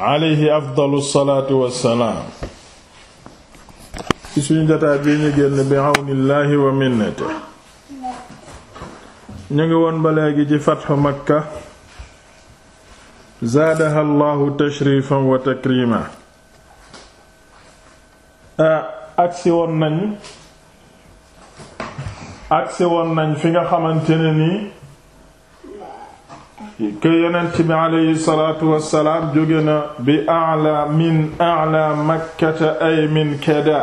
alayhi afdalu salaatu wassalaam ci suñu jotaay bii ñu génn bi àwnillaahi wa minnate ñu ngi woon ba léegi ci fatxu makka zaadaha allahu tashrifan wa takrima agsi woon nañ agsi woon nañ fi nga xamante ne nii que yonent bi aleyhi salaatu wassalaam jóge na bi ala min ala makkata ay min kada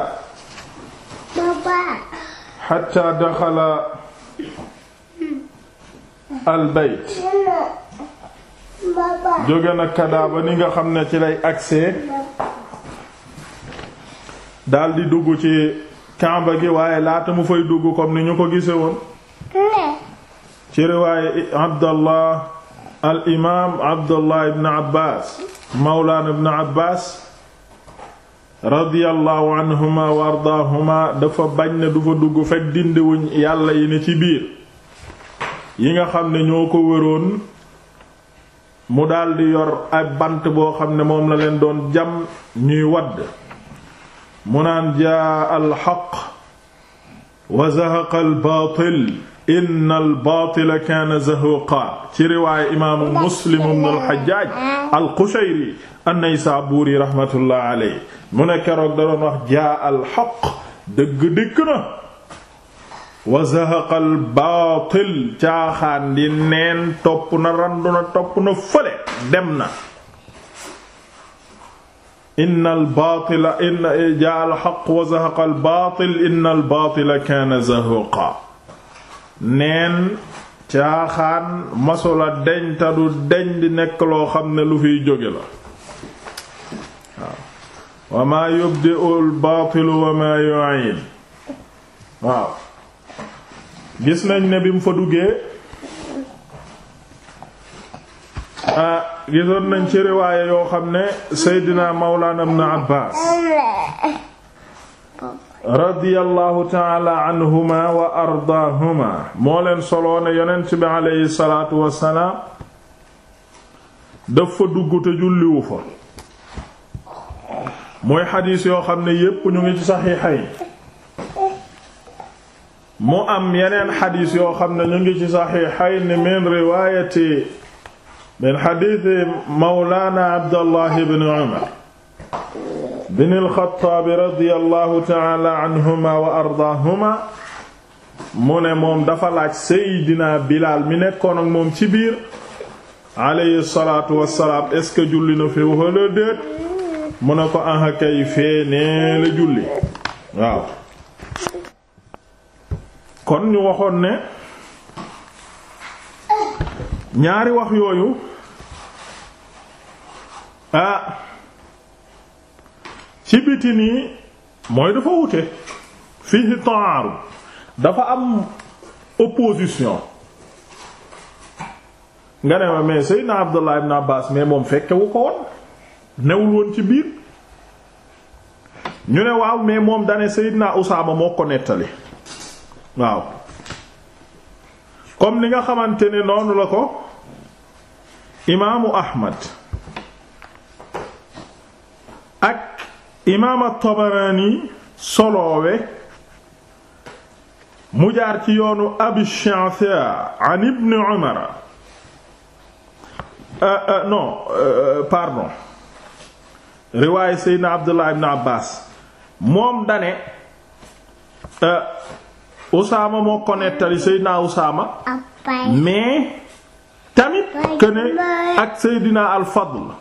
xatta daxala al jóge na kada ba ni nga xam ne ci lay agsee daldi dugg ci kàmba gi waaye laata mu fay dugg comme ni ñu ko gise woon ci riwaaye Abdallah al imaam Abdullah ibn Abbas mawlaana ibn Abbas radiyallahu anhuma wa ardaahuma dafa bañ ne du fa dugg fekk dindiwuñ yàlla yi ne ci biir yi nga xam ne ñoo ko wëroon mu daldi yor ay bant boo xam ne moom la leen doon jam ñuy wadd mu naan jaa alxaq wa zahaqa al baatil innal baatila kaana zahuqa ci riwaaya imaamu muslim ibnul hajjaaj al-qushayri an-naysaabuuri rahmatullahi alayhi mu ne keroog da doon wax jaa al-haqq dëgg dikk na wa zahaqal baatil caaxaan di neen topp na randu na topp na fële dem na innal baatila in jaa al-haqq wa zahaqal baatil innal baatila kaana zahuqa neen caaxaan masula deñ ta du deñ di nekk loo xam ne lu fiy jóge la waaw wa maa yubdi'u al-baatilu wa maa waaw gis nañ ne bi mu fa duggee ah gisoon nañ ci yoo xam ne Seydina Mawlaana Ibn Abbaas radiyallahu taala anhuma wa ardaahuma moo leen soloo ne yonent bi aleyhi salaatu wassalaam dafa dugg te julliwu fa mooy xadiis yoo xam ne yépp ñu ngi ci saxiixa yi mu am yeneen xadiis yoo xam ne ñu ngi ci saxiixayn min riwaayati min xadiisi mawlaana abdallahi ibn umar bin alxataabi radiallahu taala anhuma wa ardaahuma mu ne moom dafa laaj seydina bilaal mi nekkoon ak moom ci biir aleyhi salaatu wassalaam est-ce julli na fi walla déet mu ko aha kay la julli waaw kon ñu waxoon ne ñaari wax yooyu ah ci biti nii mooy dafa wute fii taaru dafa am opposition nga ne ma mais Seydina Abdullah ibn Abbas mais moom fekkewu ko woon newul woon ci biir ñu ne waaw mais moom dane Seydina Usaama moo ko nettali waaw comme li nga xamante ne noonu la ko imaamu Ahmad imaam at-Tabaraani soloowe mu jaar ci yoonu Abi Sha'tha an Ibn Umar euh, euh, non euh, pardon moom dane Usaama moo ko nettali Seydina Usaama mais tamit que ne ak Seydina al-Fadl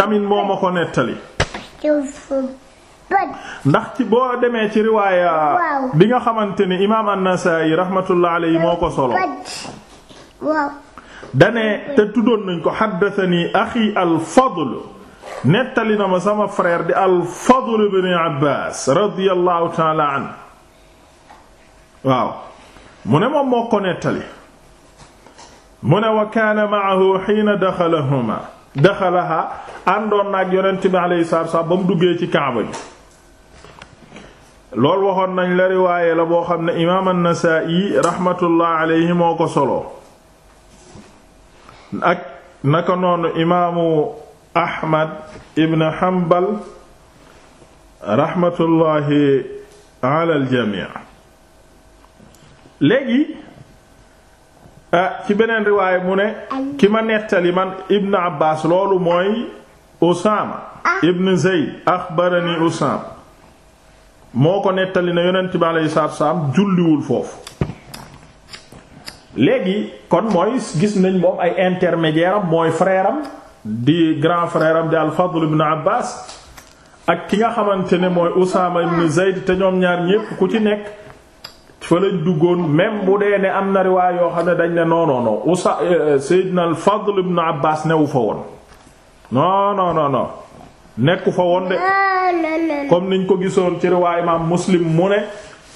tamit moo ma ko nettali ndax ci boo demee ci riwaaya bi nga xamante ni imaam an-Nasaa'i rahmatullah moo ko solo dane te tuddoon nañ ko xaddatani axi al-Fadl na ma sama frère di al-Fadl ibn Abbaas radiyallahu ta'ala an mu ne moom moo ko nettali mu ne wa ma'ahu hiina daxalahumaa àndoon naag yonent bi alayhi salaatu wasallam ba mu duggee ci kaaba bi loolu waxoon nañ la riwaaye la boo xam ne imaam an-Nasaa'i rahmatullah alayhi moo ko solo ak naka noonu imaamu Ahmad ibn Hanbal rahmatullahi ala jamii léegi ah, ci beneen riwaay mu ne ki ma nettali man Ibn Abbas loolu mooy Usaama ah. ibn Zayd axbarani Usaama moo ko nettali na yonent bi alayhi salaatu julliwul foofu léegi kon mooy gis nañ moom ay intermédiaire am mooy frère am di grand frère am di al-Fadl ibn Abbas ak ki nga xamante ne mooy Usaama ibn ah. Zayd te ñoom ñaar ñépp ku ci nekk fa lañ duggoon même bu dee ne am na riwaay yoo xam ne dañ ne non non non na euh, Seydina al-Fadl ibn Abbas newu fa woon non non non non nekku fa woon de comme niñ ko gisoon ci riwaay imaam muslim mu ne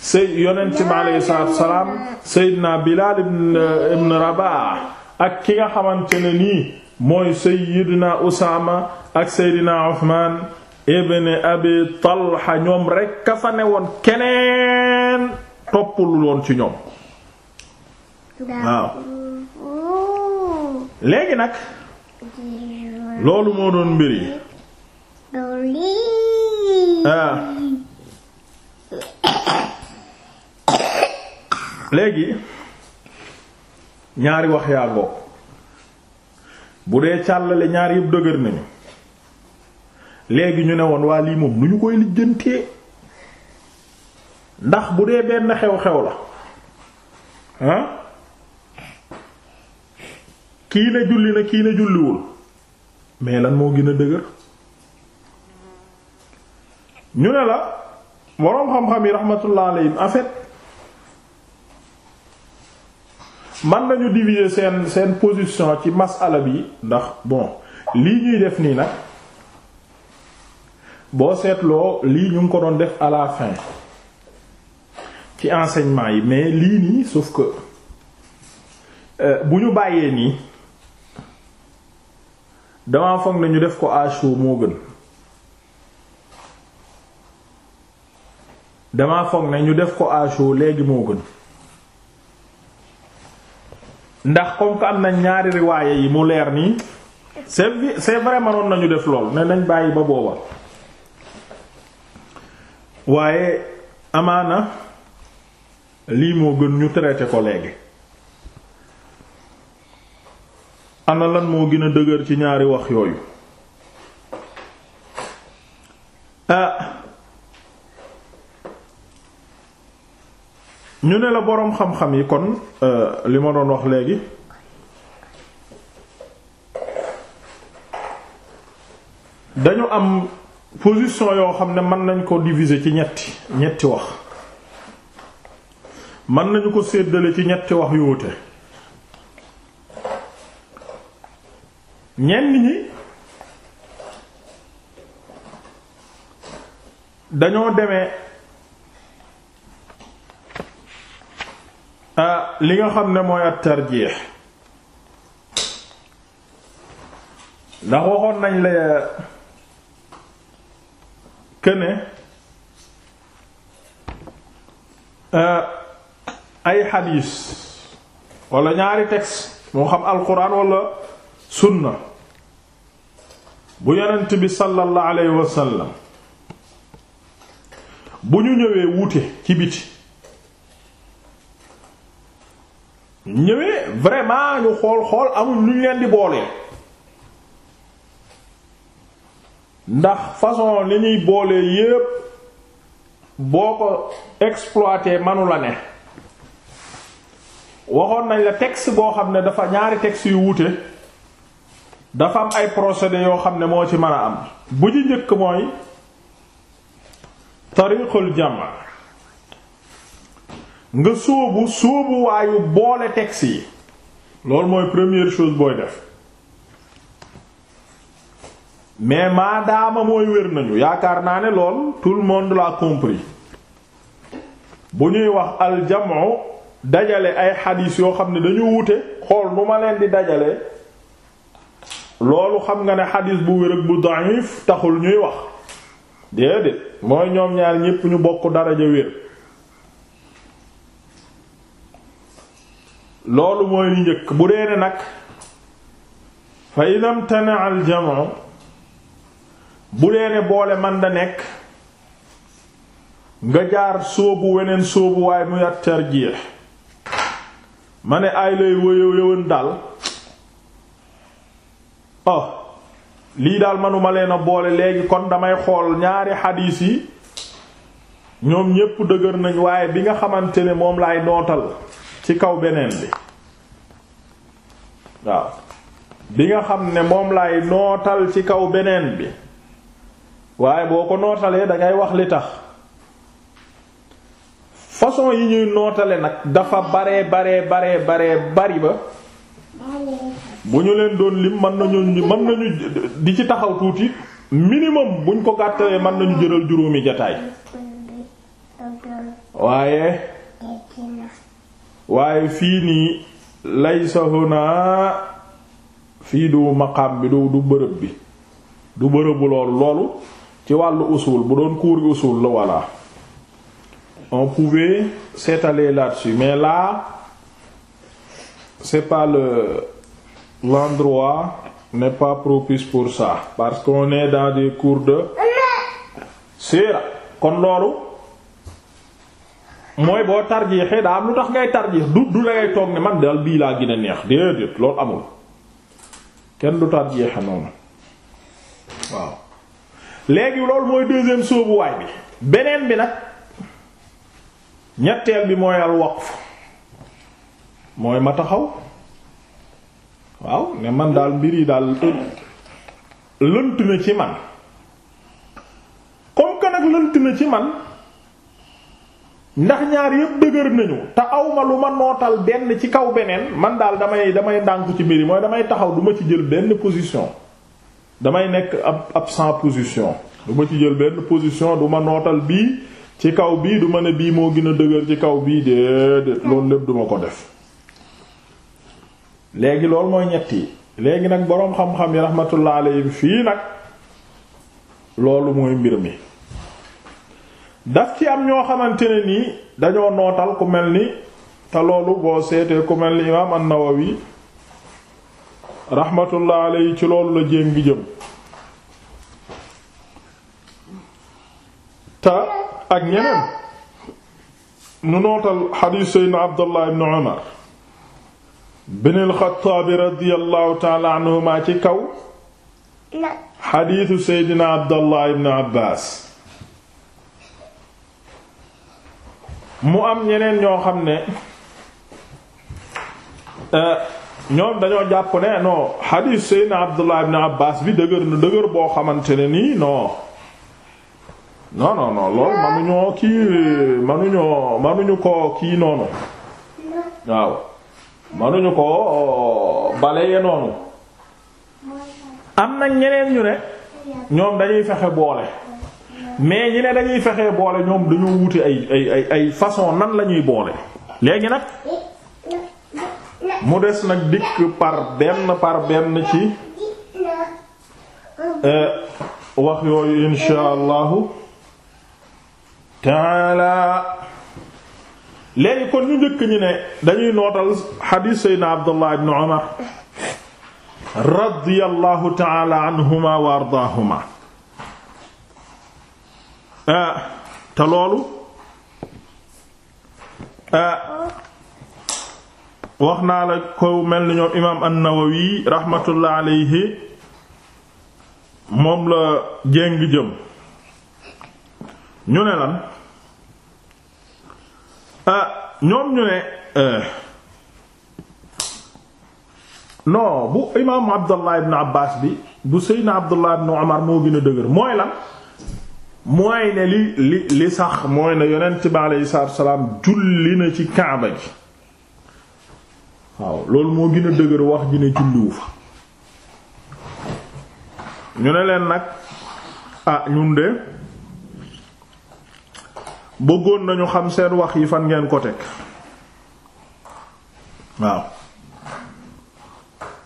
sëy yonent bi aleyhi salaatu salaam Seydina Bilaal ibn Rabah ak ki nga xamante ne nii mooy Seydina Usaama ak Seydina Uthman ibn Abi Talha ñoom rekk a fa ne woon keneen toppul woon ci ñoom waaw oh. léegi nag loolu moo doon mbir yi ah. léegi ñaari wax yaa ngoog bu dee càllale ñaar yëpp dëgër nañu léegi ñu ne woon waa lii moom nu ñu koy lijjantee ndax bu dee benn xew-xew la ah kii ne julli na kii ne julliwul mais lan moo gin a dëgër ñu ne la boroom xam-xam yi rahmatullah alayhim en fait man nañu diviser seen seen position ci masala bi ndax bon lii ñuy def nii nag boo seetloo lii ñu ngi ko doon def à fin ci enseignement yi mais lii nii sauf que euh, bu ñu bàyyee nii damaa foog nañu def ko ashur moo gën damaa foog ne ñu def ko ashur léegi moo gën ndax comme am na ñaari riwaaye yi mu leer nii c'est c'est vraiment noonu nañu def lool ne nañ bàyyi ba booba waaye amaana lii moo gën ñu traité ko léegi ana lan moo gina a dëgër ci ñaari wax yooyu ah ñu ne la boroom xam-xam yi kon euh, li ma doon wax léegi dañu am position yoo xam ne mën nañ ko diviser ci ñetti ñetti wax mën nañu ko séddale ci ñetti wax yu wute ñenn ñi dañoo demee ah, li nga xam ne mooy at tarjiix ndax waxoon nañ la këne ah, ay xadiis wala ñaari texte moo xam alquran wala sunna bu yonent bi sallallahu alayhi wa sallam bu ñu ñëwee wuti ci biti ñëwee vraiment ñu xool xool amul lu ñu leen di boolee ndax façon li ñuy boolee yépp boo ko exploité manu la ne waxoon nañ la texte boo xam ne dafa ñaari texte yu wuute dafa am ay procédé yoo xam ne moo ci mën a am bu ji njëkk mooy tariqul jama nga sóobu sóobu boole texte yi loolu mooy première chose booy def mais daama mooy wér nañu yaakaar naa ne lool tout le monde l'a compris bu ñuy wax aljamu dajale ay xadiis yoo xam ne dañu wute xool nu ma leen di dajale loolu xam nga ne xadis bu wér bu da'if taxul ñuy wax déedéet mooy ñoom ñaar ñépp ñu bokk daraja wér loolu mooy li njëkk bu dee ne nag fa idam tana al jamaa bu dee ne boole man da nekk nga jaar sóobu weneen sóobu waaye muy at ma ne ay lay daal oh lii daal manuma leen a boole léegi kon damay xool ñaari xadiis yi ñoom ñépp dëgër nañ waaye bi nga xamante ne moom lay nootal ci kaw beneen bi nga xam ne moom laay nootal ci kaw beneen bi waaye boo ko nootalee dangay wax li tax façon yi ñuy nootale nag dafa bare bare bare bare bari ba bu ñu leen doon lim mën nañu mën nañu di ci taxaw tuuti minimum buñ ko gàttalee mën nañu jëral juróomi jataay waaye waaye fii nii laysa huna fii du maqaam bi du du bërëb bi du bërëbu loolu loolu ci wàllu usul bu doon kuuri usul la voilà on pouvait s'étaler là-dessus mais laa c'est pas l'endroit n'est pas propice pour saa parce que est dans des cours de sira kon loolu mooy boo tarjiixee daa am lu tax ngay tarjiix du du la ngay toog ne man daal bii laa gën neex déedéet loolu amul kenn du tarjiixe noonu waaw léegi loolu mooy deuxième sóobuwaay bi beneen bi nag ñetteel bi mooy al waqf mooy ma taxaw waaw ne man daal mbir yi daal lënt na ci man comme que nag lënt na ci man ndax ñaar yépp dëgër nañu te awma lu ma nootal benn ci kaw beneen man daal damay damay ndànku ci mbir yi mooy damay taxaw duma ci jël benn position damay nekk ab ab sans position duma ci jël benn position du ma nootal bii ci kaw bii du ma ne bii moo gën a dëgër ci kaw bii déedéet loolu lépp duma ko def léegi loolu mooy ñett léegi nag boroom xam-xam yi rahmatullah alayhim fii nag loolu mooy mbir mi daf ci am ñoo xamante ne nii dañoo nootal ku mel ni te loolu boo seetee ku mel ni imaam an-Nawawi rahmatullah alayhi ci loolu la jéem gi jëm te ak ñeneen nu nootal xadiis seydna Abdullah ibn Umar bin alxataab radiyallahu taala anhuma ci kaw xadiisu seydina abdallah ibn abbaas mu am ñeneen ñoo xam ne euh, ñoom dañoo jàpp ne non xadiis seydina abdallah ibn abbaas bi dëgër nu dëgër boo xamante ne nii non non non manuñoo kii manuñoo manuñu ko kii noonu waaw manuñu ko baleye noonu am na ñeneen ñu ne ñoom dañuy fexe boole mais ñi ne dañuy fexe boole ñoom dañoo wute ay ay ay ay façon nan la ñuy boole léegi nag mu des nag dikk par benn par benn ci e, wax yooyu insha allahu léegi kon ñu njëkk ñi ne dañuy nootal xadiis seydna abdullah ibn umar radiyallahu taala anhuma wa ardaahuma ah, te loolu ah, wax naa la ko mel ni ñoom imaam an-nawawi rahmatullah moom la jéng jëm ñu ne lan Ah, ñoom ñu ne euh, non bu imaamu abdullah ibn abbas bi bu seydna abdullah ibn omar moo gën a dëgër mooy lan mooy ne li li li sax mooy ne yonent bi aleyhi salaatu wasalaam julli na ci kaaba ji waaw loolu moo gën a dëgër wax ji ne julliwu fa ñu ne leen nag ah ñun de bëggoon nañu xam seen wax yi fan ngeen ko teg waaw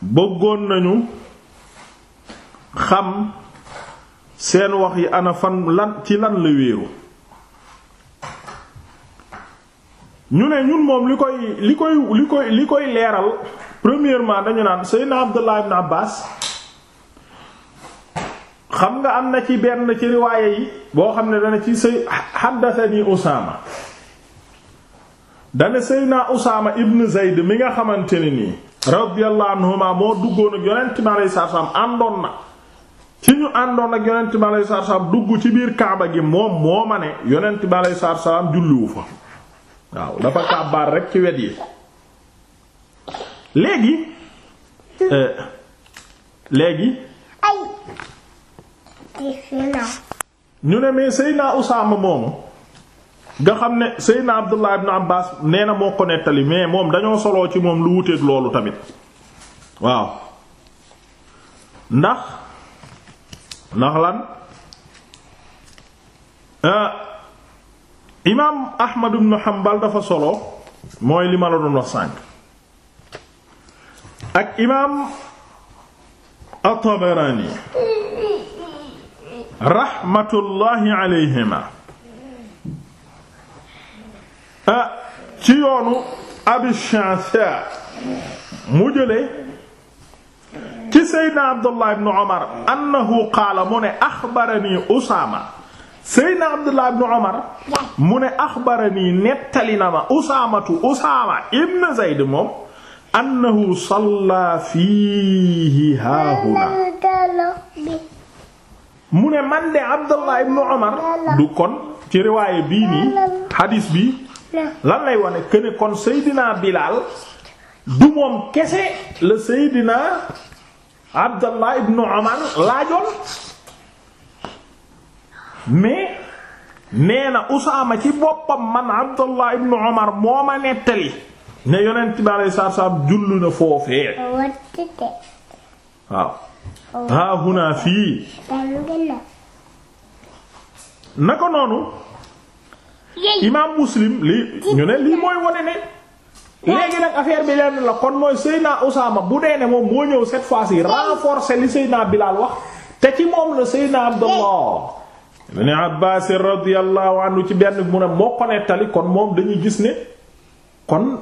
bëggoon nañu xam seen wax yi ana fan lan ci lan la wéeru ñu ne ñun moom li koy li koy li koy li koy leeral premièrement dañu naan Seydina Abdullah ibn baas xam nga am na ci benn ci riwaaye yi boo xam ne dana ci sëy xaddasani Usaama dana Seydina Usaama ibn Zayd mi nga xamante ne nii radiyallahu anhuma moo duggoon ak yonent bi alayhi salaam àndoon na ci ñu àndoon ak yonent bi alayhi salaam dugg ci biir Kaaba gi moom moo ma ne yonent bi sa salaam julliwu fa waaw dafa kàbbaar rek ci wet yi léegi euh, léegi ñu ne mais Seydina Usaama moomu nga xam ne Seydina Abdullah ibn Abbas nee na moo ko nettali mais moom dañoo soloo ci moom lu wuteeg loolu tamit waaw ndax ndax lan euh, imaam Ahmad ibn Hanbal dafa solo mooy li la doon wax sànq ak imaam at-Tabarani raxmatullahi alayhima ah, ci yoonu Abi Sha'tha mu jëlee ci Seydina Abdullah ibn Umar annahu qaala mu ne axbarani Usaama Seydina Abdullah ibn Umar mu ne axbarani nettali na ma Usaamatu ibn Zayd moom annahu salla fiihi haahuna mu ne man de Abdullah ibn Umar du kon ci riwaaye bii nii hadis bi lan lay wane ne kon Seydina Bilal du moom kese la Seydina Abdullah ibn Umar laajoon mais nee na Usaama ci boppam man Abdullah ibn Umar moo ma nettali ne yonent bi alayhi salaam jullu na foofee waaw ha oh. huna fii naka noonu imaam muslim li ñu ne lii mooy wone ne léegi nag affaire bi lenn la kon mooy Seydina Usaama bu dee ne moom moo ñëw cette fois-ci renforcer li Seydina Bilaal wax te ci moom la Seydina Abdallah ibn Abbaas radiyallahu anhu ci benn mu ne moo ko kon moom dañuy gis ne kon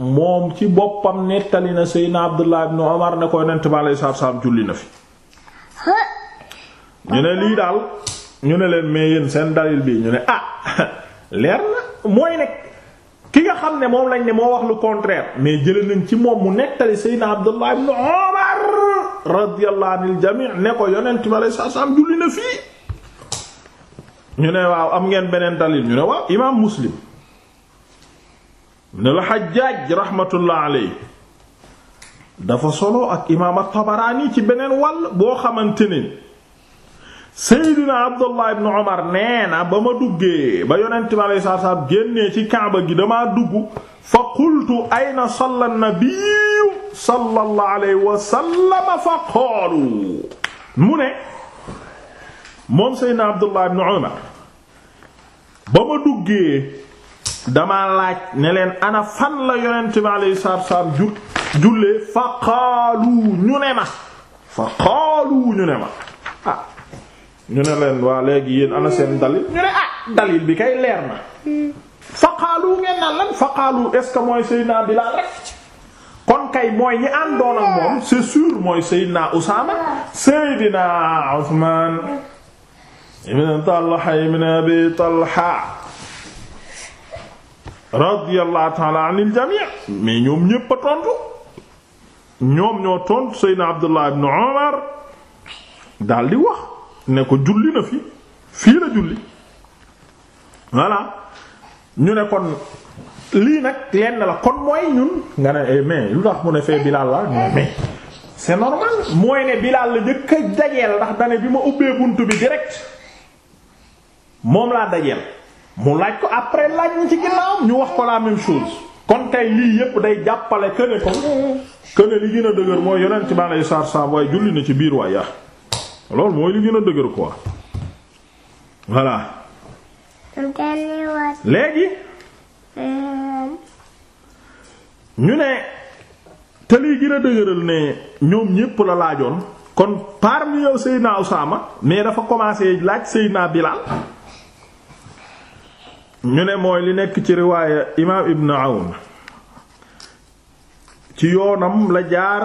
moom ci boppam nettali na Seydina Abdullah ibn Umar ne ko yonent bi alayhi salaam julli na fi ñu ne daal ñu ne leen mais yéen seen dalil bi ñu ne ah leer na mooy xam ne moom lañ ne moo wax lu contraire mais jëlee nañ ci moom mu nettali Seydina Abdullah ibn Umar radiyallahu anil jami' ne ko yonent bi alayhi salaam julli na fii ñu ne waaw am ngeen beneen dalil ñu ne waaw imaam Muslim ibn al-Hajjaj rahmatullah dafa solo ak imaam tabaraani ci beneen wàll boo xamante ne Seydina Abdullah ibn Omar nee na ba ma duggee ba yonent bi alayhi salaatu salaam génnee ci Kaaba gi damaa dugg fa qultu ayna salla an-nabiyyu sallallahu fa qaalu mu ne moom Seydina Abdullah ibn Omar ba ma duggee. damaa laaj ne leen ana fan la yonent bi alayhi salaatu salaam ju jullee fa qaalu ñu fa qaalu ñu ne ah. waa léegi yéen ana seen dalil ñu ne ah dalil bi kay leer fa qaalu ngeen naan fa qaalu est ce mooy Seydina Bilaal rek kon kay mooy ñi àndoon ak moom c'est sûr mooy Seydina Usaama Seydina Usmaan ibn Talha ibn Abi Talha radiyallahu taala anil jamii mais ñoom ñépp a tontu ñoom ñoo tontu seydna abdullah ibn omar daldi wax ne ko julli na fi fii la julli voilà ñu ne kon lii nag lenn la kon mooy ñun nga ne eh, mais lu tax mu ne fee bilaal la mais c'est normal mooy ne bilaal la njëkk a dajeel ndax dane bi ma ubbee bunt bi direct moom laa dajeel mu laaj ko après laaj ñu ci ginnaaw ñu wax ko laa même chose kon kay lii yépp day jàppale que ne kon que ne a dëgër mooy yonent ci alayhi salaatu salaam waaye julli na ci biir waay lool loolu mooy li gën a dëgër quoi voilà. léegi. ñu ne te lii gën dëgëral ne ñoom ñépp la laajoon kon parmi yow Seydina Usaama mais dafa commencé laaj Seydina Bilaal ñu ne mooy li nekk ci riwaaya imaam ibn awn ci yoonam la jaar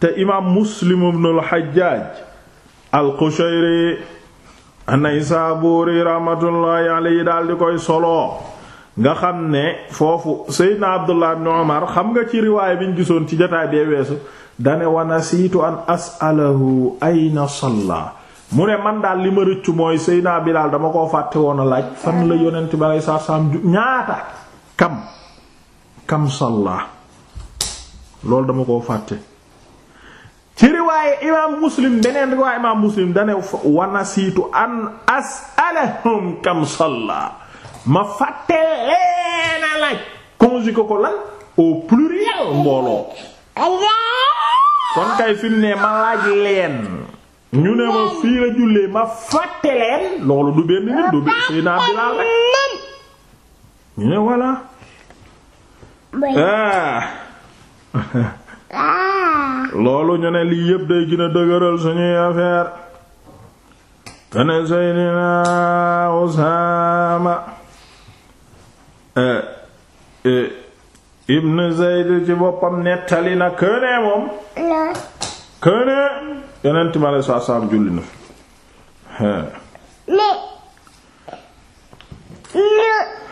te imaam muslim ibn al xajjaaj al qushayri an-naysaburi rahmatullahi alayhi koy solo nga xam ne foofu seydna abdullah ibn umar xam nga ci riwaaya biñ gisoon ci jotaay bee weesu dane wa nasiitu an as'alahu ayna salla mu ne man daal li ma rëccu mooy Seydina Bilaal dama koo fàtte woon a laaj fan la yonent bi aleyhi salaatu salaam ñaata kam kam salla loolu dama koo fàtte ci riwaaye imaam muslim beneen riwaaye imaam muslim dane wanasiitu an asalahum kam salla ma fàtte leena laaj conjugué ko lan au pluriel mbooloo kon kay fi mu ne ma laaj leen ñu ne ma fii la jullee ma fàtte leen loolu du benn nit du benn naa Bilaal rek ñu ne ah. loolu ñu ne lii yépp day gën a dëgëral suñuy affaire kene Seydina Usaama eh, eh, ibn Zayd ci boppam nettali na kënee moom yonent mi aleyhi salaatu salaam julli na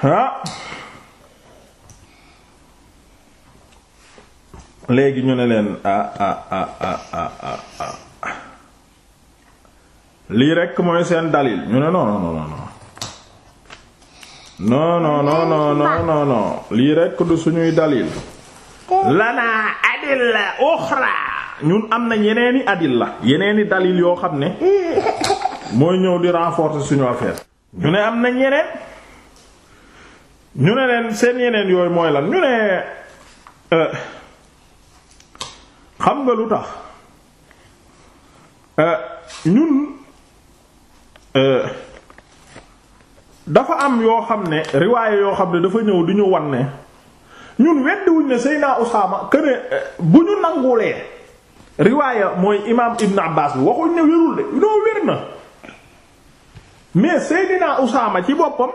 ha léegi ñu ne leen lii rekk mooy seen dalil ñu ne non non non non non non non non non lii rekk du suñuy dalil. lana adilla uxra ñun am na yeneeni yeneen i dalil yoo xam ne mooy ñëw di renforcer suñu affaire ñu ne am nañ yeneen ñu ne leen seen yeneen yooyu mooy lan ñu ne euh, xam nga lu tax euh, ñun euh, dafa am yoo xam ne riwaaye yoo xam ne dafa ñëw di ñu wan ne ñun weddiwuñ ne Seyna Usaama kër bu ñu nangulee. riwaaya mooy imaam Ibn Abbas bi waxuñ ne wérul de noo wér na mais Seydina Usaama ci boppam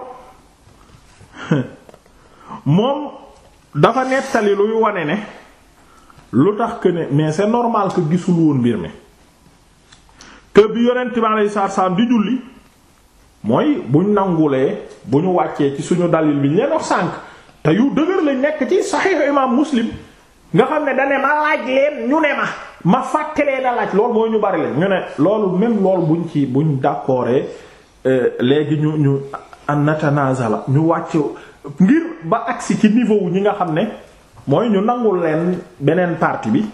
moom dafa nettali luy wane ne lu tax que ne mais c'est normal gisul woon mbir mi que bi yonent bi alayhi salaam di julli mooy buñ nangulee bu ñu wàccee ci suñu dalil bi ñu leen te yu dëgër lañ nekk ci saxiixu imaam Muslim nga xam ne da ne ma laaj leen ñu ne ma. ma fàttalee na laaj loolu mooy ñu bari la ñu ne loolu même loolu buñ ci buñ d'accord euh, léegi ñu ñu an la ñu wàcc ngir ba agsi ci niveau ñi nga xam ne mooy ñu nangul leen beneen partie bi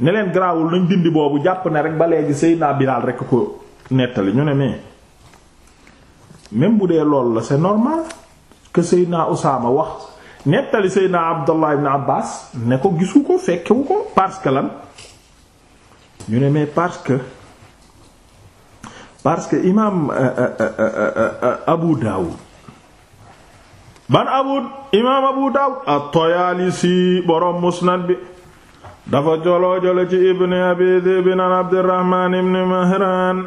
ne leen garaawul nañ dindi boobu jàpp ne rek ba léegi Seydina Bilaal rekk ko nettali ñu ne mais même bu dee loolu la c'est normal que Seydina Usaama wax nettali Seydina Abdallah ibn Abbas ne ko gisu ko fekkewu ko parce que lan ñu ne mais parce que parce que imaam euh, euh, euh, Abu Dawud ban Abu imaam Abu Dawud at-Tayaalisi borom musnad bi dafa joloo jole ci Ibn Abi Dhi'b an Abdurrahmaan ibn Mahraan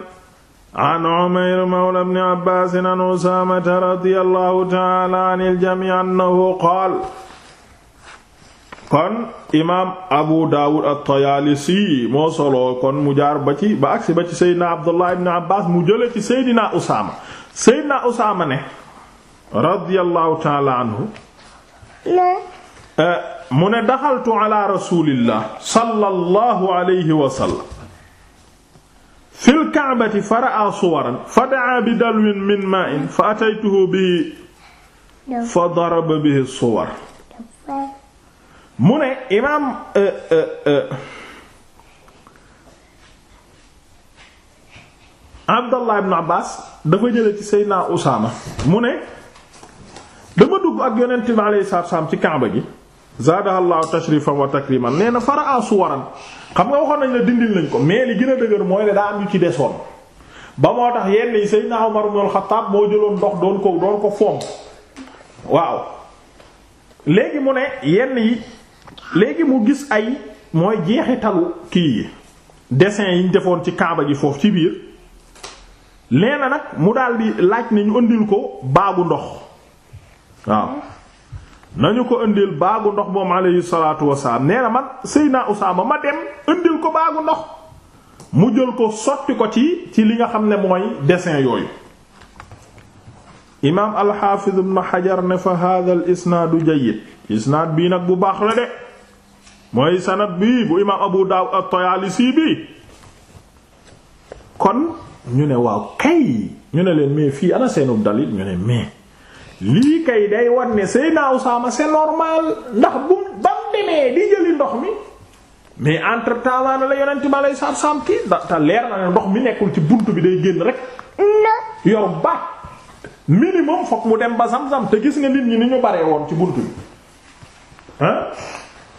an Umayr mawla ibn Abbaas an Usaamata radiyallahu ta'aala anil jamii' annahu qaala kon imaam abu daawud at-tayaalisi moo soloo kon mu jaar ba ci ba agsi ba ci seydina abdullah ibn abbas mu jële ci seydina usaama seydina usaama ne radiyallahu taala anhu eh, mu ne daxaltu ala rasulillah sallallahu alayhi wa sallam fil ka'bati fara'a suwaran fada'a bi dalwin min ma'in fa ataytuhu bihi fa daraba bihi suwar mu ne imaam euh, euh, euh, Abdallah ibn Abbas dafa jële ci Seydina Usaama mu ne dama dugg ak yonent bi alayhi salaatu salaam ci Kaaba gi zaadahallahu tashrifan wa takriman nee na fara suwaran xam nga waxoon nañ la dindil nañ ko mais li gën a dëgër mooy ne daa am yu ci desoon ba moo tax yenn yi Seydina Umar ibn al-Khattab moo jëloon ndox doon ko doon ko fomp waaw léegi mu ne yenn yi léegi mu gis ay mooy jeexitalu kii yi dessin yiñ defoon ci kaaba ji foofu ci biir nee na nag mu daldi laaj ne ñu indil ko baagu ndox waaw nañu ko indil baagu ndox moom alayhi salaatu wasalaam nee na man Seydina Usaama ma dem indil ko baagu ndox mu jël ko sotti ko ci ci li nga xam ne mooy dessin yooyu imaam alxaafiz ibn Hajar ne fa haadal isnaadu jayyid isnaad bii nag bu baax la de mooy sanad bi bu imaam Abu daaw at-Tayaalisi bi kon ñu ne waaw kay ñu ne leen mais fii ana seenub dalil ñu ne mais lii kay day wan ne Seydina ma c'est normal ndax bu ba mu demee di jëli ndox mi mais entre temps la yonent ba lay sar sam kii da te leer na ne ndox mi nekkul ci bunt bi day génn rek yor baat minimum fokk mu dem ba Zamzam te gis nga nit ñi ni ñu baree woon ci bunt bi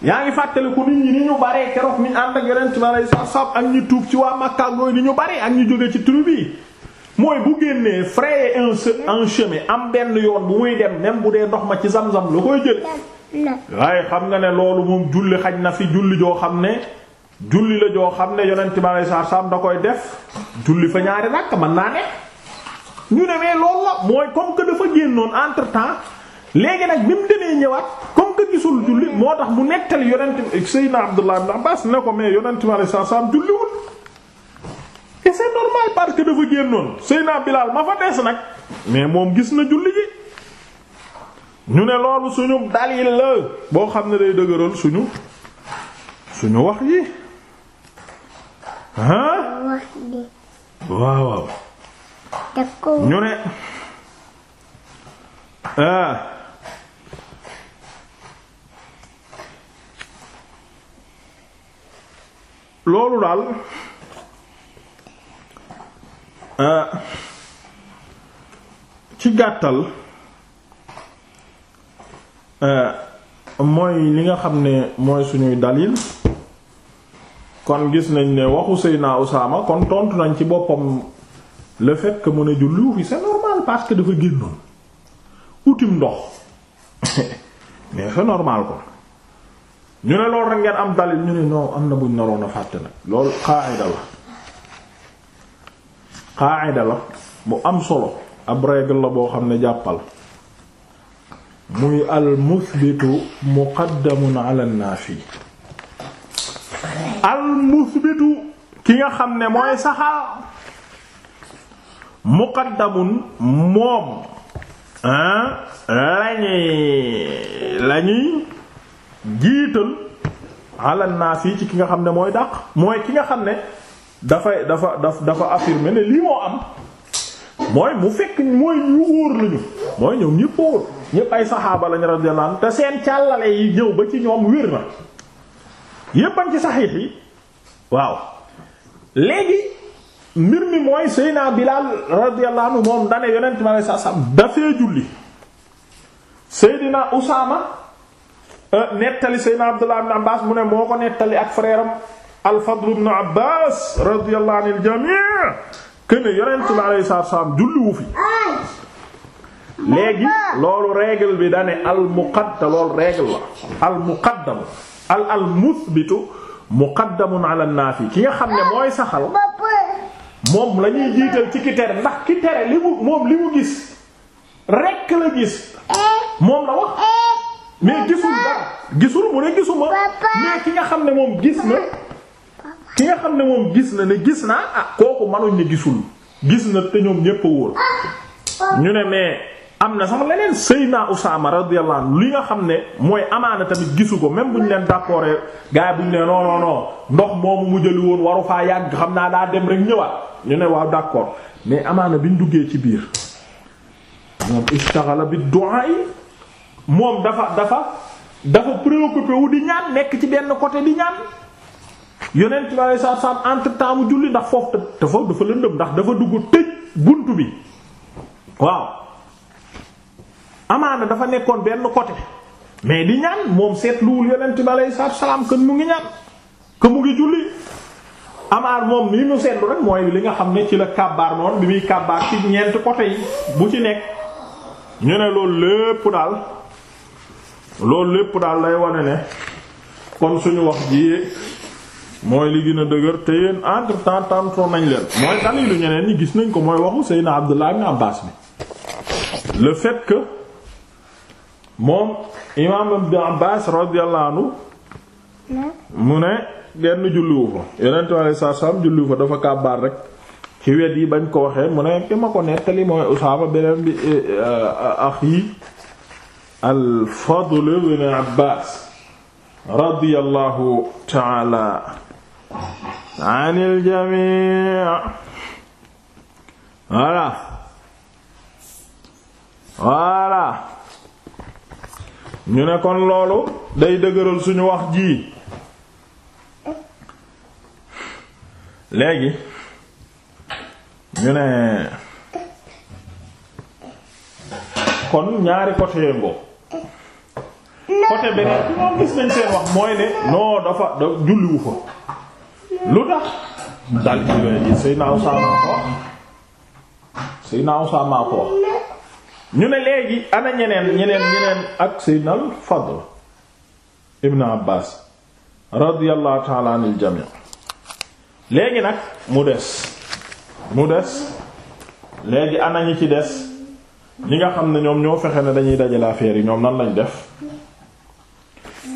yaa ngi fàttaliku nit ñi ni ñu baree keroog ñu ànd ak yonent bi alayhi salaam ak ñu tuub ci waa Makka gooy ni ñu baree ak ñu jóge ci tribu yi mooy bu génnee frayer un un am benn yoon bu muy dem même bu dee ndox ma ci sam zam la koy jël. waaye xam nga ne loolu moom julli xaj na fi julli joo xam ne julli la joo xam ne yonent bi alayhi salaam da koy def julli fa ñaari rakk mën naa ne. ñu ne mais loolu la mooy comme que dafa génnoon entre léegi nag bi mu demee ñëwaat comme que gisul julli moo tax mu nettali yonent eh, Seydina Abdullah ibn Abbas ne ko mais yonent mi alayhi salaam julliwul et c'est normal parce que dafa génnoon Seydina Bilal ma fa des nag mais moom gis na julli ji ñu ne loolu suñu dalil la boo xam ne day dëgëral suñu suñu wax yi ah waaw waaw ñu ne ah loolu daal euh, ci gàttal euh, mooy li nga xam ne mooy suñuy dalil kon gis nañ ne waxu Seydina Usaama kon tontu nañ ci boppam la fait que mën a julli fi c'est normal parce que dafa génnoon utim ndox mais c'est normal ko ñu ne loolu rek ngeen am dalil ñu ne non am na buñ naroon a fàtte nag loolu qaa'ida la qaa'ida la bu am solo ab règle la boo xam ne jàppal muy al musbitu muqaddamun ala naafi al musbitu ki nga xam ne mooy saxaa muqaddamun moom lañuy lañuy jiital alal naas yi ci ki nga xam ne mooy dàq mooy ki nga xam ne dafay dafa daf dafa affirmer ne lii moo am mooy mu fekk mooy ñu wóor lañu mooy ñëw ñëpp wóor ñëpp ay saxaaba lañu radiyallahu te seen càllale yi ñëw ba ci ñoom wér na yépp añ ci saxiix yi waaw léegi mbir mi mooy Seyna Bilaal radiyallahu moom dane yonent ma lay sa sam dafee Usaama Euh, nettali Seydina Abdullah ibn Abbas mu ne moo ko nettali ak frère am al-Fadl ibn Abbas radiyallahu anil jami' këne yonent bi alayhi salaatu wa salaam julliwu fi léegi loolu règle bi dane al muqaddam loolu règle la al muqaddam al al musbitu muqaddamun naafi ki nga xam ne mooy saxal moom la ñuy jiital ci ki tere ndax li mu moom li mu gis rekk la gis moom la wax mais gisul dara gisul mu ne gisuma mais ki nga xam ne moom gis na ki nga xam ne moom gis na ne gis naa ah kooku manuñ ne gisul gis na te ñoom ñépp a ñu ne mais am na sax leneen Seydina Usaama radiyallahu li nga xam ne mooy amaana tamit gisu ko même bu ñu leen d'accord gars yi bu ñu ne non ndox moomu mu jëli woon waru faa yàgg xam naa daa dem rek ñëwaat ñu ne waaw d'accord mais amaana bi ñu duggee ci biir ñoom istaxala bi du'a yi moom dafa dafa dafa préoccupé wu di ñaan nekk ci benn côté di ñaan yonent bi alei satu salaam entre temps mu julli ndax foofu te foofu dafa lëndëm ndax dafa dugg tëj bunt bi waaw amaana dafa nekkoon benn côté mais di ñaan moom seetluwul yonent bi alei satu salaam kën mu ngi ñaan que mu ngi julli amaar moom ni mu seetlu rek mooy li nga xam ne ci la kàbbaar noonu bi muy kàbbaar ci ñeenti côté yi bu ci nekk ñu ne loolu lépp daal loolu lépp daal lay wane ne kon suñu wax ji mooy li gën a dëgër te yéen entre temps tàmtoo nañ leen mooy dalilu ñeneen yi gis nañ ko mooy waxu Seydina Abdullah ibn Abbas bi le fait que moom imaam ibn Abbas radiyallahu anhu mu ne genn julliwu fa yonentu Yàlla saa saam julliwu fa dafa kàbbaar rek ci wet yi bañ ko waxee mu ne ki ma ko nettali mooy Usaama beneen bi eh, eh, eh, ax yi al-Fadl ibn Abbaas radiyallahu ta'ala anil jamii voilà voilà ñu ne kon loolu day dëgëral suñu wax ji léegi ñu ne kon ñaari côté ngo côté beneen bi moom gis nañ seen wax mooy ne non dafa da julliwu fa lu tax dal ci Seydina Usaama ko wax Seydina Usaama ko wax ñu ne léegi ana ñeneen ñeneen ñeneen ak Seydina al-Fadl ibn Abbas radiyallahu ta'ala léegi nag mu des mu des léegi ana ñi ci des ñi nga xam ne ñoom ñoo fexe ne dañuy dajale affaire yi ñoom nan lañ def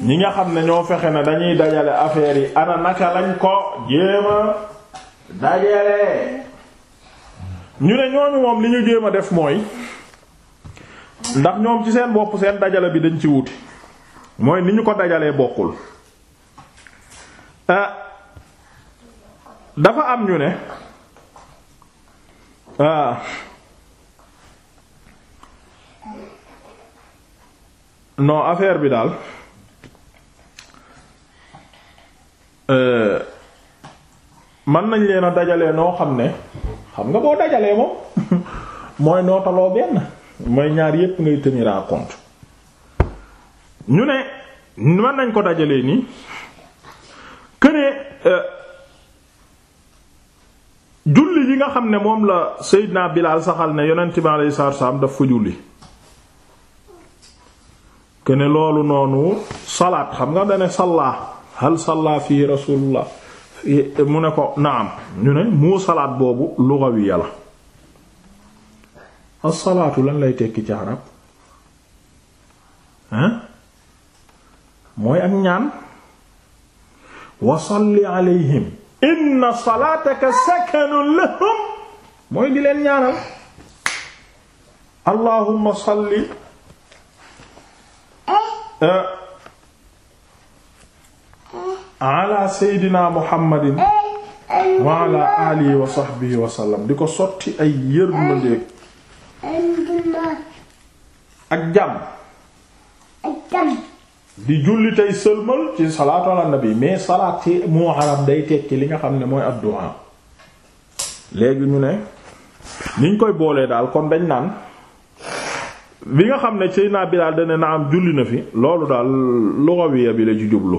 ñi nga xam ne ñoo fexe na dañuy dajale affaire yi ana naka lañ ko jéema dajale ñu ne ñooñu moom li ñu jéem a def mooy ndax ñoom ci seen bopp seen dajale bi dañ ci wuti mooy ni ñu ko dajalee bokkul euh, dafa am ñu ne ah non affaire bi daal Euh, mën nañ leen a dajale noo xam ne xam nga boo dajalee moom mooy nootaloo benn mooy ñaar yépp ngay tenir en ñu ne mën nañ ko dajalee nii kënee euh, julli yi nga xam ne moom la Seydina Bilaal saxal ne yonent bi alayhi salaatu salaam daf fa julli këne loolu noonu salaat xam nga dane sallaa hal salla fii rasulullah mu ne ko naam ñu ne mu salaat boobu lugawiya la as-salaatu lan lay tekki ci arab hein mooy ak ñaan wa salli alayhim inna salaataka sakanun lahum mooy di leen ñaanal allahumma salli eh, ala seydina muhammadin wa ala alihi wa sahbihi wa sallam di ko sotti ay yërmandeeg ak jàmm di julli tey sëlmal ci salaatu ala mais salaat ci moo arab day tekki li nga xam ne mooy addu'a léegi ñu ne niñ koy boolee daal kon dañ naan bi nga xam ne Seydina Bilaal dana na am julli na fi loolu daal lugawiya bi la ci jublu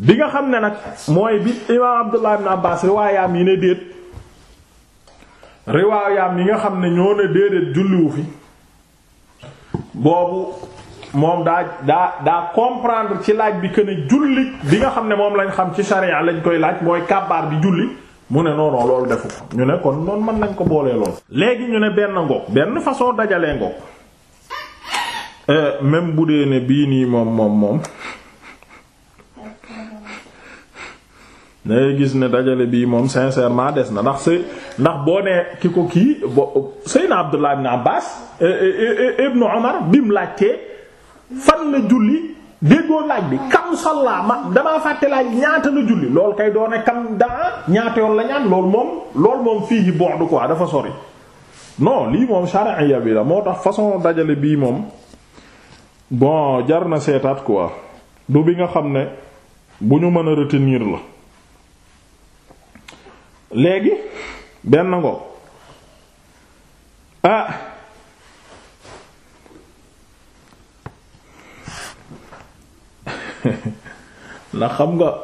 bi nga xam ne nag mooy bi imaam Abdullah ibn Abbas riwaayaam yi ne déet riwaayaam yi nga xam ne ñoo ne déedéet julliwu fi boobu moom daa daa daa comprendre ci laaj bi que ne julli bi nga xam ne moom lañ xam ci sharia lañ koy laaj mooy kàbbaar bi julli mu ne non non defu ñu ne kon noonu mën nañ ko boolee lool. léegi ñu ne benn ngoog benn façon dajalee ngoog euh, même bu dee ne bii nii moom moom moom. dangay gis ne dajale bii moom sincèrement des na ndax sëy ndax boo nee ki ko kii bo Seydina Abdullah ibn Abbas e, e, e, ibnu Umar bi mu laajtee fan la julli déggoo laaj bi kam salla ma damaa fàtte laaj ñaata la julli loolu kay doone kam daa ñaata yoon la ñaan moom loolu moom fii yi boox du quoi dafa sori non lii moom charia bi la moo tax façon dajale bii moom bon jar na seetaat quoi du bi nga xam ne bu ñu mën a retenir la léegi benn ngo ah ndax xam nga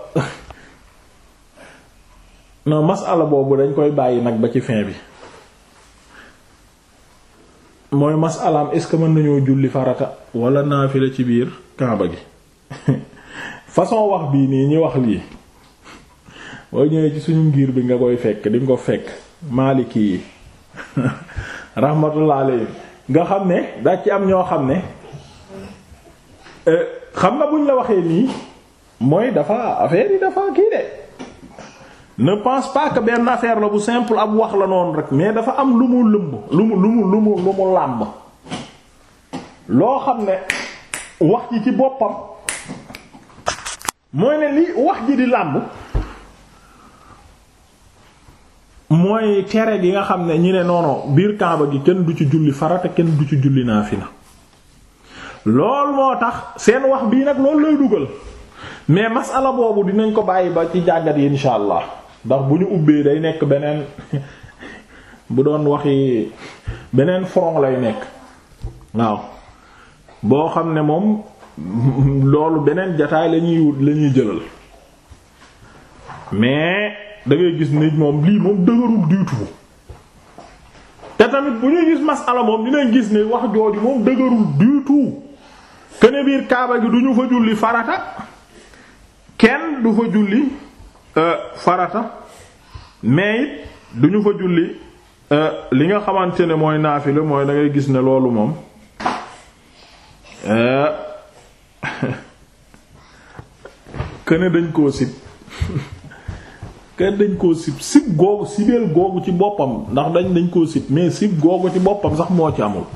noo masala boobu dañ koy bàyyi nag ba ci fin bi mooy masalaam est-ce que mën nañoo julli farata wala naafila ci biir kaaba gi façon wax bii nii ñi wax lii boo ñëwee ci suñu ngir bi nga koy fekk di nga ko fekk maaliki yi rahmatullah alayhi nga xam ne daa ci am ñoo xam ne euh, xam nga buñ la waxee nii mooy dafa affaire yi dafa kii de ne pense pas benn affaire la bu simple ab wax la noonu rek mais dafa am lu mu lëmb lu mu lu mu lu mu lu mu làmb loo xam ne wax ji ci boppam mooy ne li wax ji di làmb mooy tere gi nga xam ne ñi ne noono biir kaaba gi kenn du ci julli farata kenn du ci julli naafila lool moo tax seen wax bii nag loolu lay dugal mais masala boobu dinañ ko bàyyi ba ci jàggat yi insha allah ndax bu ñu ubbee day nekk beneen bu doon waxi beneen front lay nekk waaw boo xam ne moom loolu beneen jataay lañuy wut lañuy jëlal mais da ngay gis ni moom lii moom dëgërul du te tamit bu ñuy gis masala moom dinañ gis ne wax jooju moom dëgërul du tout kene biir kaaba gi du ñu fa julli farata kenn du fa julli euh, mais it du julli euh, li nga xamante ne mooy naafila mooy dangay gis ne loolu moom këne euh, dañ koo sit kenn dañ koo sib sib googu sibeel googu ci boppam ndax dañ dañ ko sib mais sib googu ci boppam sax moo ci amul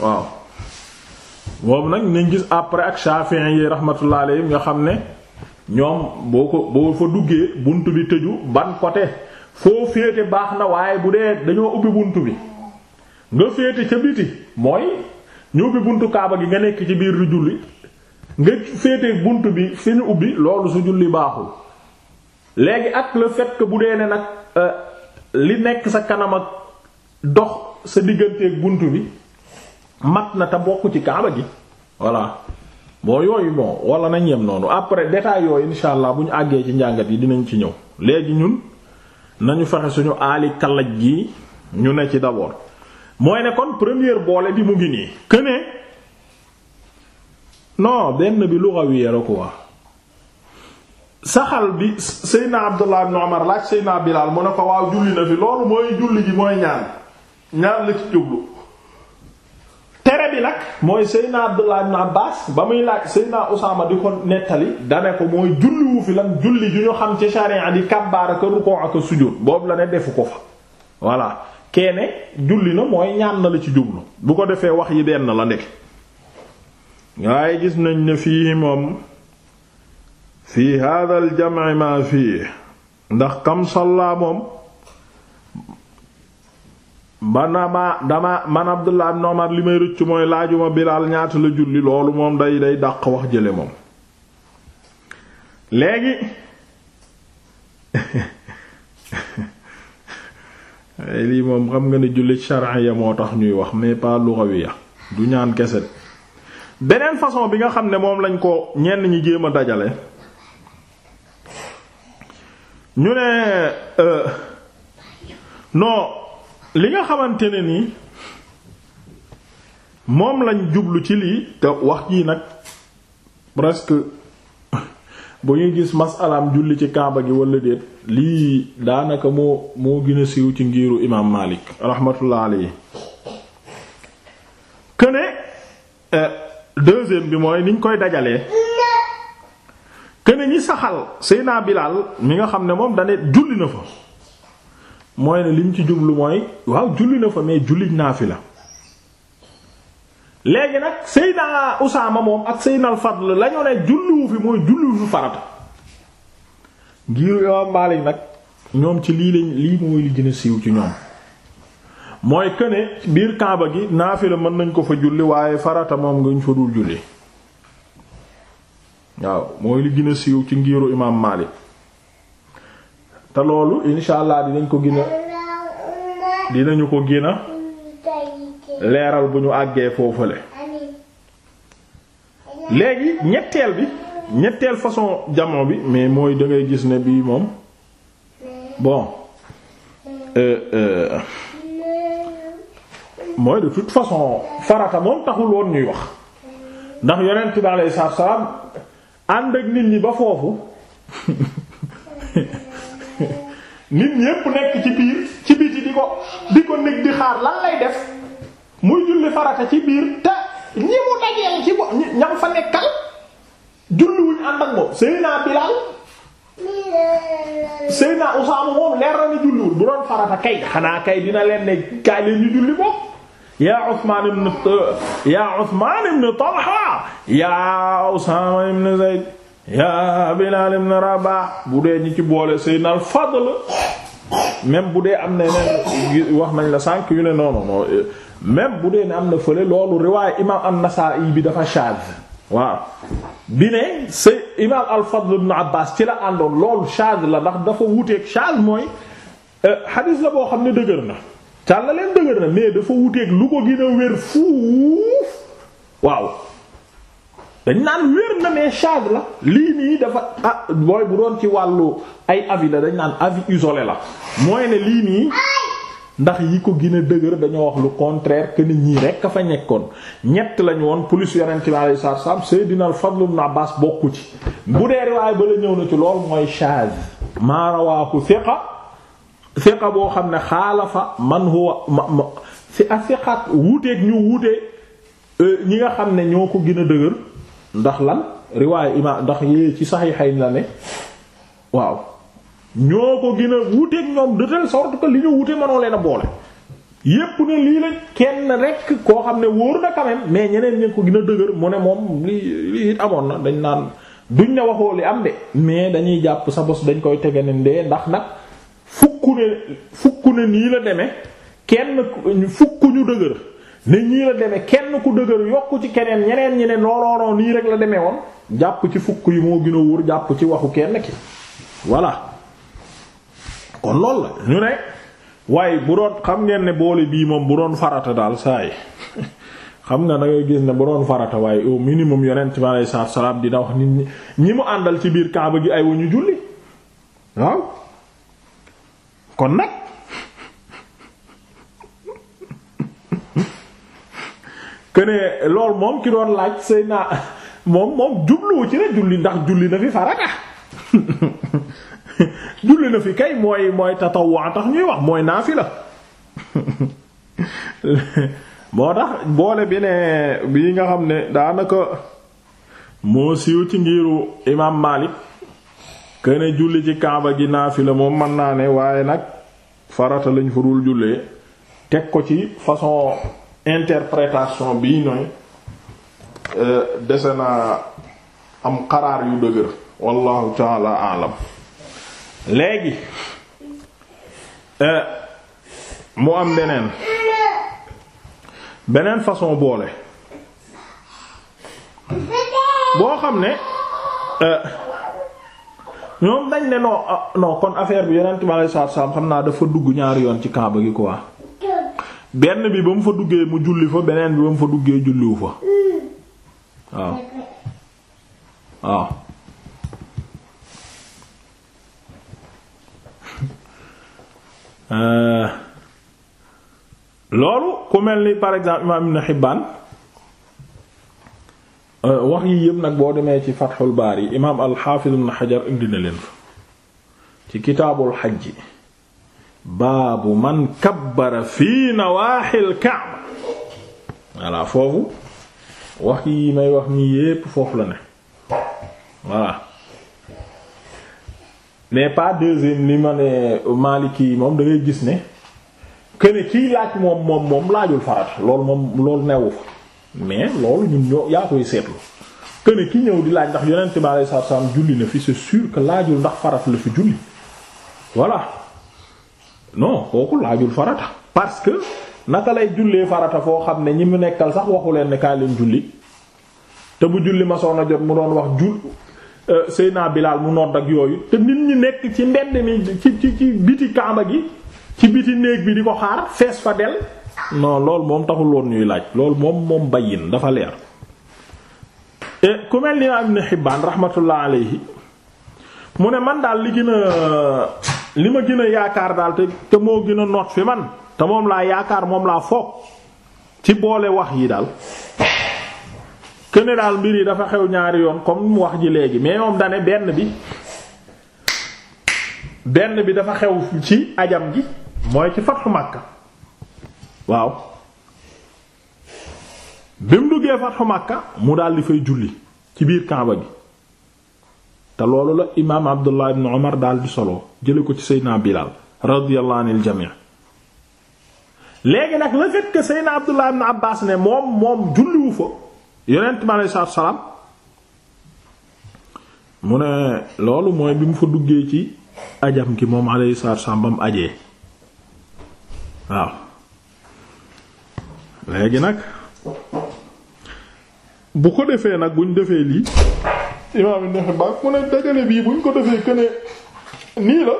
waaw boobu nag nañ gis après ak Shafi'i yi rahmatullah alayhim nga xam ne ñoom boo ko boo fa duggee bunt bi tëju ban côté foo féete baax na waaye bu dee dañoo ubbi bunt bi nga féete ca biti mooy ñu ubbi buntu kaaba gi nga nekk ci biir di julli nga féete bunt bi fi ñu ubbi loolu su julli baaxul léegi ak le fait bu dee ne nag euh, li nekk sa kanam ak dox sa digganteek bunt bi mat na te bokk ci kaaba gi voilà bon yooyu bon wala nañ yem noonu après détail yooyu insha allah bu ñu àggee ci njàngat yi dinañ ci ñëw léegi ñun nañu faxe suñu aali kalaj gi ñu ne ci d'abord mooy ne kon première boole bi mu ngi nii këne ne non benn bi lu rawier quoi. saxal bi Seydina Abdullah ibn Umar laaj Seydina Bilaal mu ne ko waaw julli na fi loolu mooy julli gi mooy ñaan ñaan la ci jublu tere bi nag mooy Seydina Abdullah ibn Abbaas ba muy laaj Seydina Usaama di ko nettali dane ko mooy julliwu fi lan julli ju ñu xam ci sharia di kàbbaar ak rukuu ak sujjóot boobu la ne defu ko fa voilà keene julli na mooy ñaan na la ci jublu bu ko defee wax yi benn la ndek waaye gis nañ ne fii moom fi hada aljamci maa fii ndax kam sallaa moom manama dama man abdullah ibn omar li may rëcc mooy laajuma bilaal ñaata la julli loolu moom day day dàq wax jële moom léegi lii moom xam nga ne julli shar'iyya moo tax ñuy wax mais pas lughawiyya du ñaan kese beneen façon bi nga xam ne moom lañ ko ñenn ñi jéem a dajale ñu ne euh, no li nga xamante ne ni moom lañ jublu ci lii te wax jii nag presque bu ñuy gis masalaam julli ci kaaba gi wala déet lii daanaka moo moo gën a siiw ci ngiiru imaam Maalik rahmatullah alayhi que ne euh, bi mooy niñ koy dajalee. kene ñi saxal Seyna Bilal mi nga xam ne moom dane julli na fa mooy ne lim ci jublu mooy waaw julli na fa mais julli naa fi la léegi nag Seyna Usaama moom ak Seyna al-Fadl lañu ne julliwu fi mooy julliwu fi farata ngir yow Maalik nag ñoom ci lii lañ lii mooy li gën siiw ci ñoom mooy kene biir Kaaba gi naa naafila mën nañ ko fa julli waaye farata moom nga ñu fa dul julli waaw mooy li gën siiw ci ngiiru imaam Maalik te loolu insha allah dinañ ko gën dinañu ko gën leeral bu ñu àggee foofale léegi ñetteel bi ñetteel façon jamono bi mais mooy da gis ne bii moom bon euh euh mooy de toute façon farata moom taxul woon ñuy wax ndax yonent bi alayhi salaam ànd ak nit ñi ba foofu nit ñépp nekk ci biir ci biti di ko di ko nekk di xaar lan lay def muy julli farata ci biir te ñi mu dajeel ci bo ñam fa nekkal julliwuñ ànd ak moom Seydina Bilaal Seydina Usaama moom leer na ni julliwul bu doon farata kay xanaa kay dina leen ne kaay leen ñu julli moom yaa Usmaan ibn yaa Usmaan ibn Talha yaa Usaama ibn Zayd yaa Bilaal ibn Rabaah bu dee ñi ci boole Seydina al-Fadl même bu dee am na yeneen wax nañ la sànq yu ne non non même bu dee ne am na fële loolu riwaay imaam an-Nasaa'i bi dafa shaaz waaw bi ne c'est imaam al-Fadl ibn Abbaas ci la àndoon loolu shaaz la ndax dafa wuteeg shaaz mooy euh, xadiis la boo xam ne dëgër na. càlla leen dëgër na mais dafa wuteeg lu ko gën a wér fuuf waaw dañ naan wér na mais charge la lii nii dafa ah booy bu doon ci wàllu ay avis dañ naan avis isolé la mooy ne lii nii ndax yi ko gën a dëgër dañoo wax lu contraire que nit ñi rek a fa nekkoon ñett lañu woon plus yonent bi alayhi salaatu salaam Seydina al-Fadl ibn Abbas bokku ci bu dee riwaay ba la ñëw na ci lool mooy charge maa rawaahu thiqa siqa boo xam ne xaala fa man huwa ma si asiqaat wuuteeg ñu wuutee euh, ñi nga xam ne ñoo ko gën a dëgër ndax lan riwaaye imaam ndax yée ci saxiixayn la ne waaw ñoo ko gën a wuuteeg ñoom de telle sorte li ñu wute mënoo leen a boole yépp ne lii la kenn rek koo xam ne wóor na quand mais ñeneen ñi ko gën a dëgër mu ne moom li lii it amoon na dañ naan duñ ne waxoo li am de mais dañuy jàpp sa bos dañ koy tegeneen de ndax nag fukk ne fukk ne nii la demee kenn fukk ñu dëgër ne ñii la demee kenn ku dëgër yokk ci keneen ñeneen ñi ne nooloonoon nii rek la demee woon jàpp ci fukk yi moo gën a wóor jàpp ci waxu kenn ki voilà kon loolu la ñu ne waaye bu doon xam ngeen ne boole bii moom bu doon farata daal saa yi xam nga da ngay gis ne bu doon farata waaye au minimum yonent bi alayhi salaam dina wax nit ñi ñi mu àndal ci biir kaaba gi ay wu ñu julli waaw. kon nag kene loolu moom ki doon laaj sëy naa moom moom jubluwu ci ne julli ndax julli na fi farata julli na fi kay mooy mooy tatawwa tax ñuy wax mooy naafila moo tax boole bi ne bii nga xam ne daanaka moo siiw ci ngiru imaam Maalik këne julli ci kaaba gi naafila moom mën naa ne waaye nag farata lañ fa dul jullee teg ko ci façon interprétation bii nooy euh, dese na am xaraar yu dëgër wallahu taala alam léegi euh, mu am beneen beneen façon boole boo xam ne euh, ñoom dañ ne non ah, non kon affaire bi yonent bi alayhi salaatu xam naa dafa dugg ñaari yoon ci kaaba gi quoi benn bi ba mu fa duggee mu julli fa beneen bi ba mu fa duggee julliwu fa waaw waaw euh, loolu ku mel ni par exemple imaam Ibn Hibbaan Euh, wax yi yëpp nag boo demee ci Fathul Baari imaam al-Hafiz Ibn Hajar leen fa ci kitaabul xajji baabu man kabbara fii nawaaxil Kaaba voilà foofu wax yi may wax nii yëpp foofu la ne voilà mais pas deuxième li ma ne Maliki yi moom da gis ne que ne kiy laaj moom moom laajul farat loolu moom loolu newu fa mais loolu ñun ñoo yaa koy seetlu que ne ki ñëw di laaj ndax yonent bi alayhi salaatu salaam julli na fi c'est sûr que laajul ndax farata la fi julli voilà non kooku laajul farata parce que naka lay jullee farata foo xam ne ñi mu nekkal sax waxu leen ne kaay leen julli te bu julli masoon a jot mu doon wax jul euh, Seyna Bilaal mu nodd ak yooyu te nit ñi nekk ci mbedd mi ci ci ci biti kaaba gi ci biti néeg bi di ko xaar fees fa del non loolu moom taxul woon ñuy laaj loolu moom moom bayin dafa leer ku mel ni imaam Ibn Hibbaan rahmatullah alayhi mu ne man daal li gën a li ma gën a yaakaar daal te te moo gën a noot fi man te moom laa yaakaar moom laa foog ci boole wax yi daal këne daal mbir yi dafa xew ñaari yoon comme wax ji léegi mais moom dane benn bi benn bi dafa xew ci ajam gi mooy ci fatxu Makka waaw bi mu duggee fatxu Makka mu daldi di fay julli ci biir Kaaba gi te loolu la imaam Abdullah ibn Umar daal solo jële ko ci Seydina Bilal radiyallahu anil jami' léegi nag le fait que Abdullah ibn Abbas ne moom moom julliwu fa yonent mi aleyhi salaam mu ne loolu mooy bi mu fa duggee ci ajam ki moom aleyhi salaam ba ajee waaw léegi nag bu ko defee nag bu ñu defee lii imaam yi nexe mu ne dajale bii buñ ko defee que ne nii la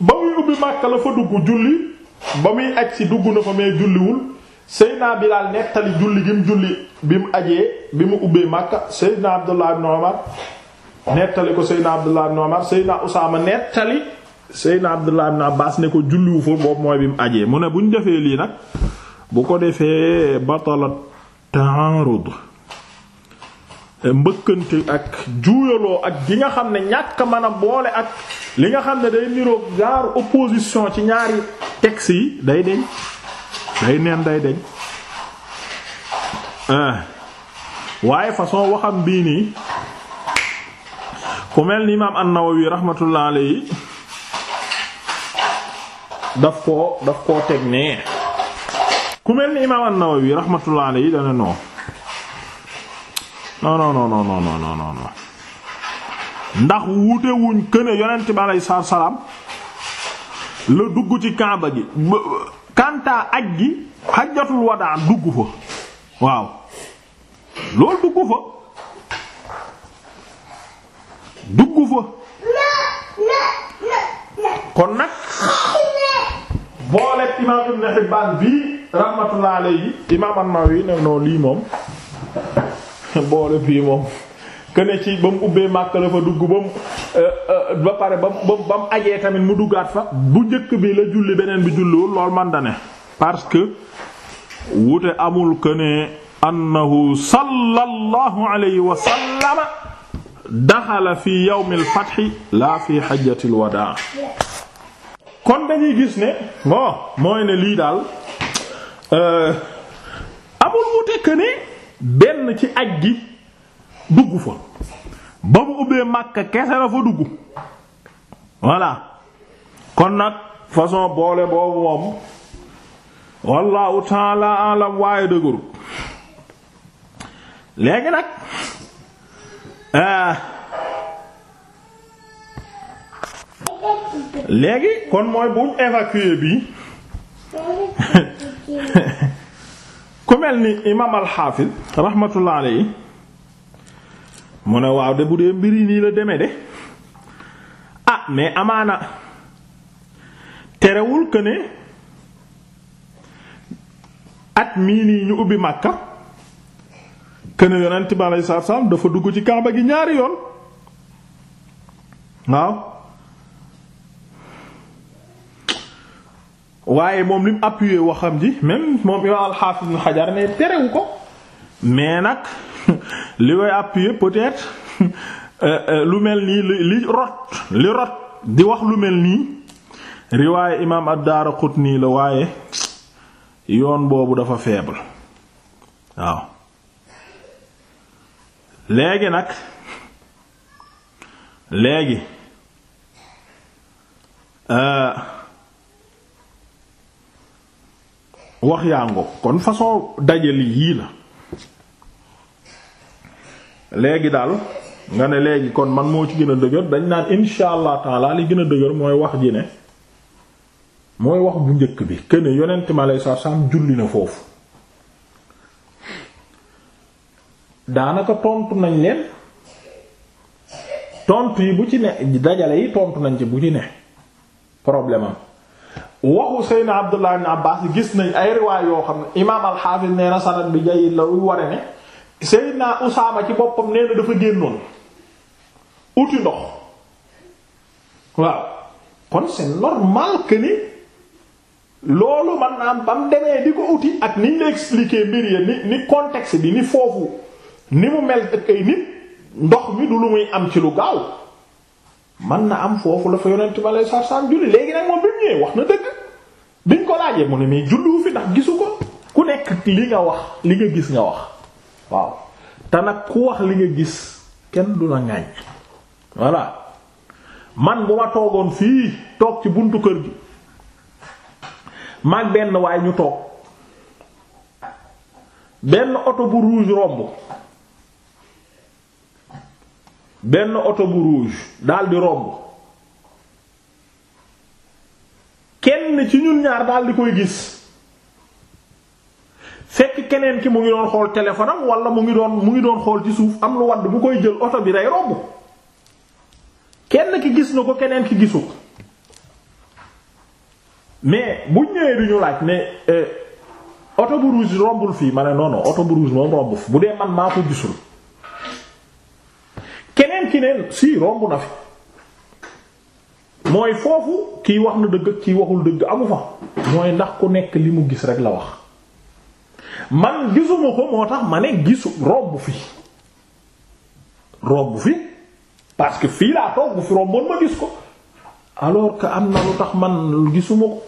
ba muy ubbi Makka la fa dugg julli ba muy aj si dugg na fa mais julliwul Seydina Bilaal nettali julli gi mu julli bi mu ajee bi mu ubbee Makka Seydina Abdullah ibn Umar nettali ko Seydina Abdullah ibn Umar Seydina Usaama nettali Seydina Abdullah ibn Abbaas ne ko julliwu fa boobu mooy bi mu ajee mu ne buñ defee lii nag bu ko defee batalat ta'arud mbëkkante ak juuyaloo ak gi nga xam ne ñàkk mën boole ak li nga xam ne day niroog genre opposition ci ñaari texte yi day deñ day neen day deñ ah. waaye façon waxam bii nii ku mel ni imaam an-Nawawi rahmatullah alayhi daf ko daf koo teg nee ku mel ni imaam an-Nawawi rahmatullah alayhi dana non non non non non non ndax wuute wuñ këne bi alayhi salaam la dugg ci Kaaba gi kanta aj gi xajjatul wadaa dugg fa waaw lool dugg fa dugg fa kon nag booleeg imaam Ibn Hibbaan bii rahmatullah alayhi imaam an ne non lii moom boole bii moom kene ci ba mu ubbee Makka la fa dugg ba mu euh, euh, ba pare ba mu ajee tamit mu duggaat fa bu njëkk bi la julli beneen bi julliwul lool man ne parce que wute amul kene annahu sallallahu alayhi wa sallama daxala fi yawmil fathi la fi hajjatil wadaa kon dañuy gis ne bon mooy ne lii daal euh, amul wute que ne benn ci aj gi dugg fa ba mu ubbee Makka kese la fa dugg voilà kon nag façon boole boobu moom wallahu taala alam waaye dëgëru léegi nag euh, léegi kon mooy buñ évacuer bii ku mel ni imaam alxaafis rahmatullah alayhi mu ne waaw de bu dee mbir yi nii la demee de ah mais amaana terewul que at mii nii ñu ubbi màkka que ne yonent bi alayhi dafa dugg ci Kaaba gi ñaari yoon waaw. waaye moom li mu waxam ji même moom yow al-Hafiz Ibn Hajar terewu ko mais nag li koy appuyé peut-être euh, euh, lu mel nii li rot li rot di wax lu mel nii riwaaye imaam ad-Daraqutni la waaye yoon boobu dafa faible waaw léegi nag léegi. Euh, wax yaa ngo kon façon dajale yii la léegi daal nga ne léegi kon man moo ci gën a dëgër dañ naan insha allah taala li gën a dëgër mooy wax ji ne mooy wax bu njëkk bi këne yonent mi alayhi salaam julli na foofu daanaka tontu nañ leen tontu yi bu ci ne dajale yi tontu nañ ci bu ci ne problème waxu Seydina Abdullah ibn Abbas gis nañ ay riwaay yoo xam ne imaam al-Hafiz nee na sanad bi jayyid la luy ware ne Seydina Usaama ci boppam nee na dafa génnoon uti ndox waaw kon c'est normal que ni loolu man naa ba demee di ko uti ak niñ la expliquer mbir yi ni ni contexte bi ni foofu ni mu mel ak ay nit ndox mi du lu muy am ci lu gaaw man na am foofu dafa fa yonent bi alei satu salaam julli léegi nag moom bi mu ñëwee wax na dëgg biñ ko laajee mu ne mais julliwu fi ndax gisu ko ku nekk li nga wax li nga gis nga wax waaw te nag ku wax li nga gis kenn du la ŋàññ voilà man bu ma toogoon fii toog ci buntu kër gi maag benn waaye ñu toog benn oto bu rouge romb benn oto bu rouge daldi romb kenn ci ñun ñaar daldi koy gis fekk keneen ki mu ngi doon xool téléphone am wala mu ngi doon mu ngi doon xool ci suuf am lu wadd bu koy jël oto bi day romb kenn ki gis na ko keneen ki gisu mais bu ñëwee du ñu laaj ne euh, oto bu rouge rombul fii ma ne non non oto bu rouge moom rombu fi bu dee man maa ko gisul. neen si romb na fi mooy foofu kiy wax na dëgg ak kiy waxul dëgg amu fa mooy ndax ku nekk li mu gis rek la wax man gisuma ko moo tax ma ne gisu romb fi romb fi parce fii gis ko alors am na tax man gisuma ko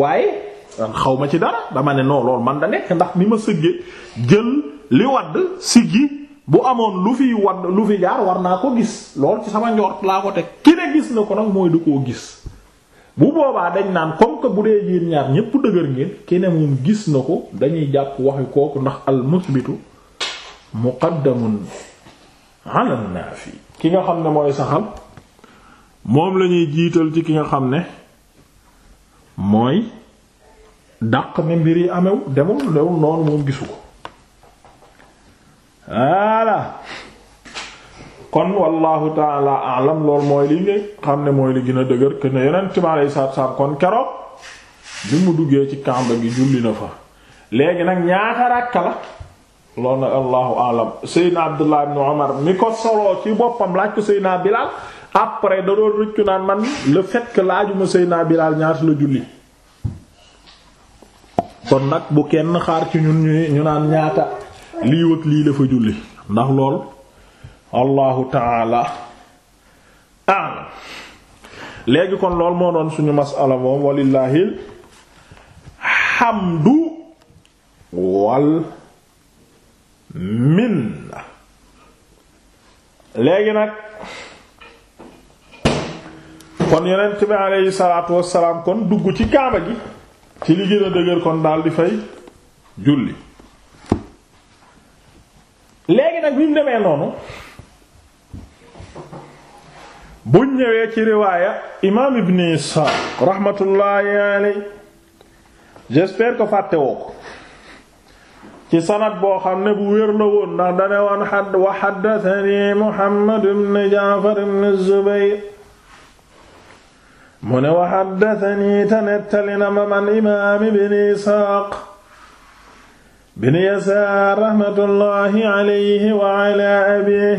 waaye xaw ma ci dara dama ne non loolu man da nekk ndax ni ma sëggee jël li wadd siggi bu amoon lu fi wadd lu fi jaar war naa ko gis lool ci sama njort laa ko teg ki ne gis na ko nag mooy da koo gis bu boobaa dañ naan comme que bu dee yéen ñaar ñépp dëgër ngeen ki ne moom gis na ko dañuy jàpp waxi kooku ndax al musbitu muqaddamun nga xam ne mooy saxal moom lañuy jiital ci ki nga xam ne mooy dàq ne mbir yi amew demul lewul noonu moom gisu ko voilà kon wallahu taala alam loolu mooy li nga xam ne mooy li gën a dëgër que ne yonent mi alayhi salaatu kon keroog bi mu duggee ci kamba gi julli na fa léegi nag ñaata ràkka la loolu nag allahu alam seydna abdullah ibn omar mi ko solo ci boppam laaj ko naa bilal après da doon rëccu naan man le fait que laajuma naa bilaal ñaata la julli kon nag bu kenn xaar ci ñun ñu ñu naan ñaata lii wëg lii dafa fa julli ndax lool allahu taala a'lam léegi kon lool moo doon suñu masala moom walillaahil hamdu wal minna léegi nag kon yonent bi aleyhi salaatu wassalaam kon dugg ci kaaba gi ci li gën a dëgër kon daal di fay julli léegi nag bi mu demee noonu buñ ñëwee ci riwaaya imaam ibn Isaaq rahmatullahi alayhi j'espère que fàtte ko ci sanad boo xam ne bu wér la woon ndax dane woon wa xaddatani Muhammad ibn Jaafar ibn Zubayr mu ne wa xaddatani te nettalina ma man imaam ibn Isaaq bin yasaar raxmatullahi alayhi wa ala abiih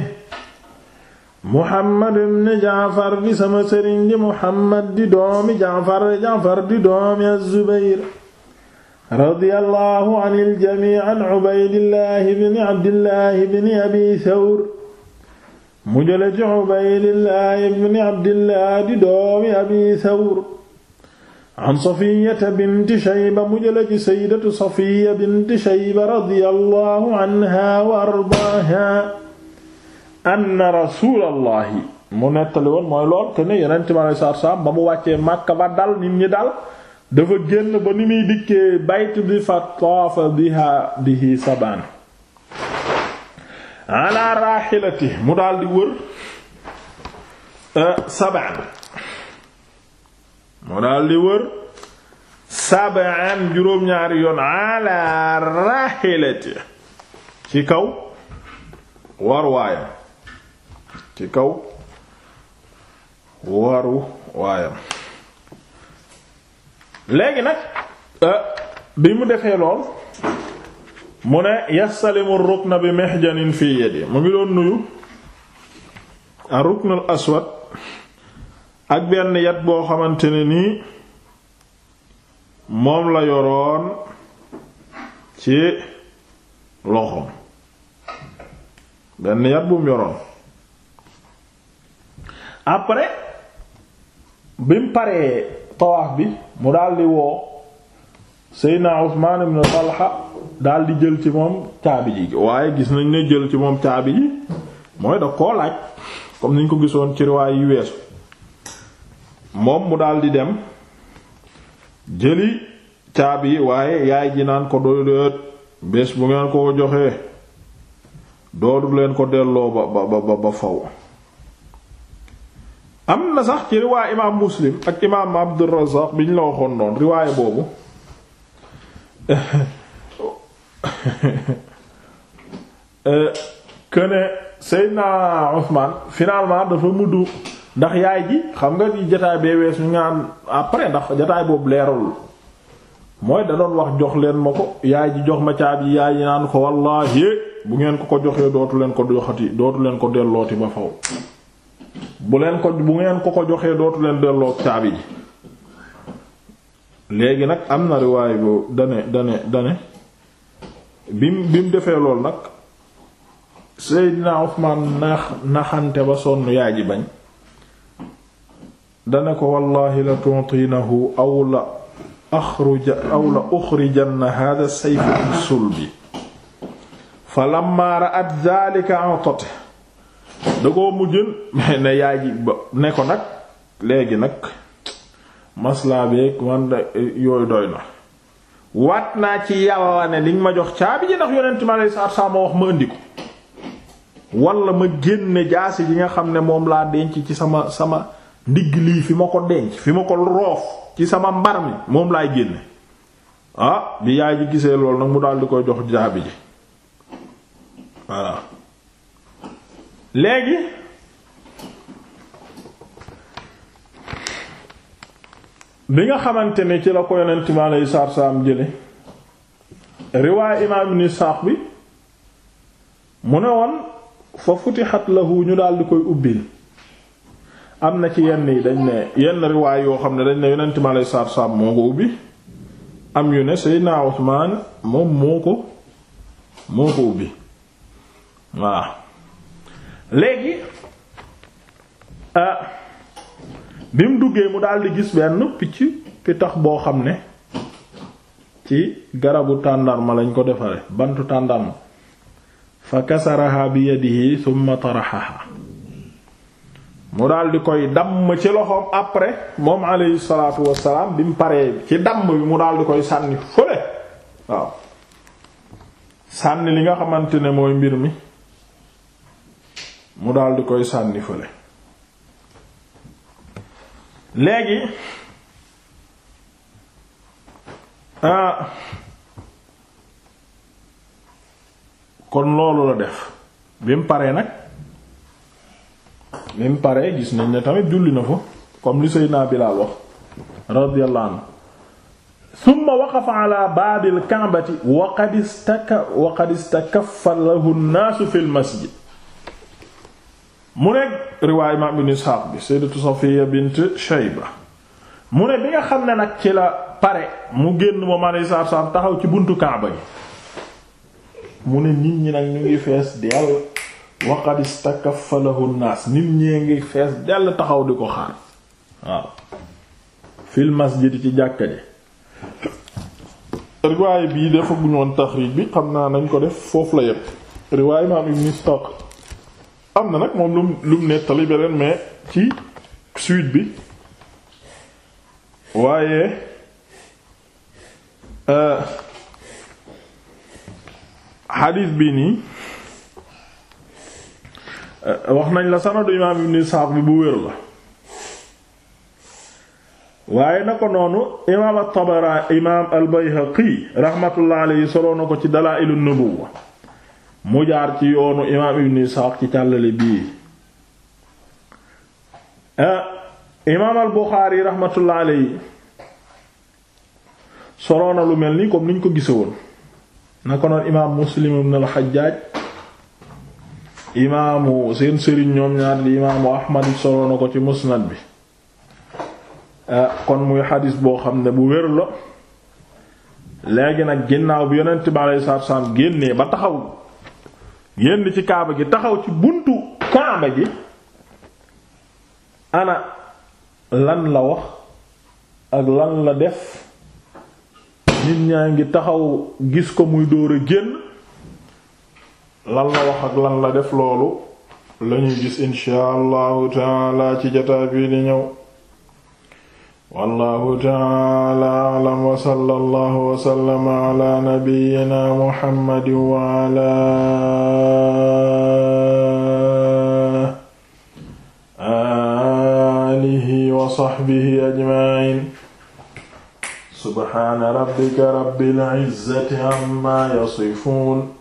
muhammad ibn jaafar di sama sëriñ di muhammad di doomi jaafar jaafar di doomi az-zubayr radiyallahu anil jamii an ubaydillahi bin abdillahi bin abi thawr mu jële ci ubaydillahi bin abdillahi di doomi abi thawr an safiyata binti shayba mu jële ci saydatu safiya binti shayba radiyallahu anha wa ardaaha anna rasulallahi mu nettali woon mooy lool que ne yonent mi alayhi salaatu salaam ba mu wàccee Makka ba dal nit ñi dal dafa génn ba ni muy dikkee bayt bi fa taafa biha bihi sabaan ala raahilati mu daldi di wër eh, mu daal di wër sab'an juróom-ñaari yoon ala rahilati ci kaw waru waayam ci kaw waru waayam léegi nag euh, bi mu defee lool mu ne yastalimu rukna bi mihjanin fi yadi mu ngi doon nuyu ar-rukn aswad ak benn yat boo xamante ne nii moom la yoroon ci loxoom benn yat bu mu yoroon après bi mu paree tawaaf bi mu daldi woo Seydina Usmaan ibn Talha daldi jël ci moom caabi ji waaye gis nañ ne jël ci moom caabi ji mooy da koo laaj comme niñ ko gisoon ci riwaay yu weesu moom mu daldi dem jëli caabi waaye yaay ji naan ko doyleet bés bu ngeen ko joxee doodu leen ko delloo ba ba ba ba faw am na sax ci riwaay imaam muslim ak imaam abdurrazaaq bi ñu la waxoon noonu riwaay boobu eh, këne seydna Usmaan finalement dafa muddu ndax yaay ji xam nga di jataay bee weesu ñu naan après ndax jataay boobu leeralul mooy da doon wax jox leen ma ko yaay ji jox ma caab yi yaay ji naan ko wallaahi bu ngeen ko ko joxee dootu leen ko joxati dootu leen ko dellooti ba faw bu leen ko bu ngeen ko ko joxee dootu leen delloo caabi ji léegi nag am na riwaay boobu dane dane dane bim bi mu defee loolu nag Seydina Usmaan nax naxante ba sonn yaay ji bañ dana ko wallaahi la tuntinahu aw la axruja aw la uxrijanna hada sayf min sulbi fa lamma ra'at dhalika atat da koo mujjën ne yaay ji ne ko nag léegi nag maslaa beeg man da yooyu doy na waat naa ci yàlla ne li nga ma jox caabi ji ndax yonent ma saa ma wax ma indi ko wala ma génne jaasi ji nga xam ne moom laa denc ci sama sama ndigg lii fi ma ko denc fi ma ko roof ci sama mbar mi moom laay génne ah bi yaay ji gisee lool nag mu daal di koy jox jaabi ji voilà léegi bi nga xamante ne ci la ko yonent mi alayhi salaatu salaam jële riwaay imaam ibn Isaaq bi mu ne woon fa futihat lahu ñu daal di koy ubbil am na ci yenn yi dañ ne yenn riwaay yoo xam ne dañ ne yonent mi alayhi salaatu salaam moo ko ubbi am yu ne Seydina Usmaan moom moo ko moo ko ubbi waaw léegi euh, bi mu duggee mu daldi gis benn picc pitax boo xam ne ci garabu tàndarma lañ ko defare bantu tàndarma fa kasaraha bi yadihi thumma tarahaha mu daal di koy damm ci loxoom après moom alayhi salaatu wassalaam bi mu paree ci damm bi mu daal di koy sànni fële waaw sànni li nga xamante ne mooy mbir mi mu daal di koy sànni fële léegi ah, kon loolu la def bi mu paree nag mim pare gis nañ ne tamit julli na fa comme li Seydina Bilaal wax radiyallahu anhu summa waqafa ala baabil ka'bati wa qad istaka naasu fil masjid mu ne riwaay imaam ibn Isxaaq bi Sayyidatu Safiya bint Shayba mu ne bi nga xam ne nag ci la pare mu génn moom alayhi salaatu wa salaam taxaw ci buntu Kaaba gi mu ne nit ñi nag ñu ngi fees dell waqad istakaffalahu nnaas nit ñee ngi xees dell taxaw di ko xaar waaw fil di ci jàkka ji riwaay bii dafa guñ woon taxriij bi xam naa nañ ko def foofu la yépp riwaay imaam ibn Isxaaq am na nag moom lum lum nettali beneen mais ci suite bi waaye euh, xadiis bi nii Euh, wax nañ la sanadu imaam ibn Isxaaq bi bu wér la waaye na ko noonu imaam at-Tabaraani imaam al-Bayhaqi raxmatullahi alayhi soloo na ko ci Dalaa'ilu Nubuwwa mu jaar ci yoonu imaam ibn Isxaaq ci càllale bii euh, imaam al-Buxaari raxmatullahi alayhi soloo na lu mel ni comme niñ ko gisewoon na ko noonu imaam Muslim ibn al-Hajjaaj imaamu seen sëriñ ñoom ñaar li imaamu ahmad solo na ko ci musnad bi eh, kon muy xadis boo xam ne bu wér la léegi nag ginnaaw bi yonent bi alayhi salaatu salaam génnee ba taxaw génn ci kaaba gi taxaw ci buntu kaaba gi ana lan la wax ak lan la def nit ñaa ngi taxaw gis ko muy dóor a génn lan la wax ak lan la def loolu lañuy gis inshaa allahu taala ci jataa bi di ñëw wallahu taala alam wa sallallahu wa sallama ala nabiyyina muhammadin wa ala alihi wa sahbihi ajma'in subhana rabbika rabbil izzati amma yasifun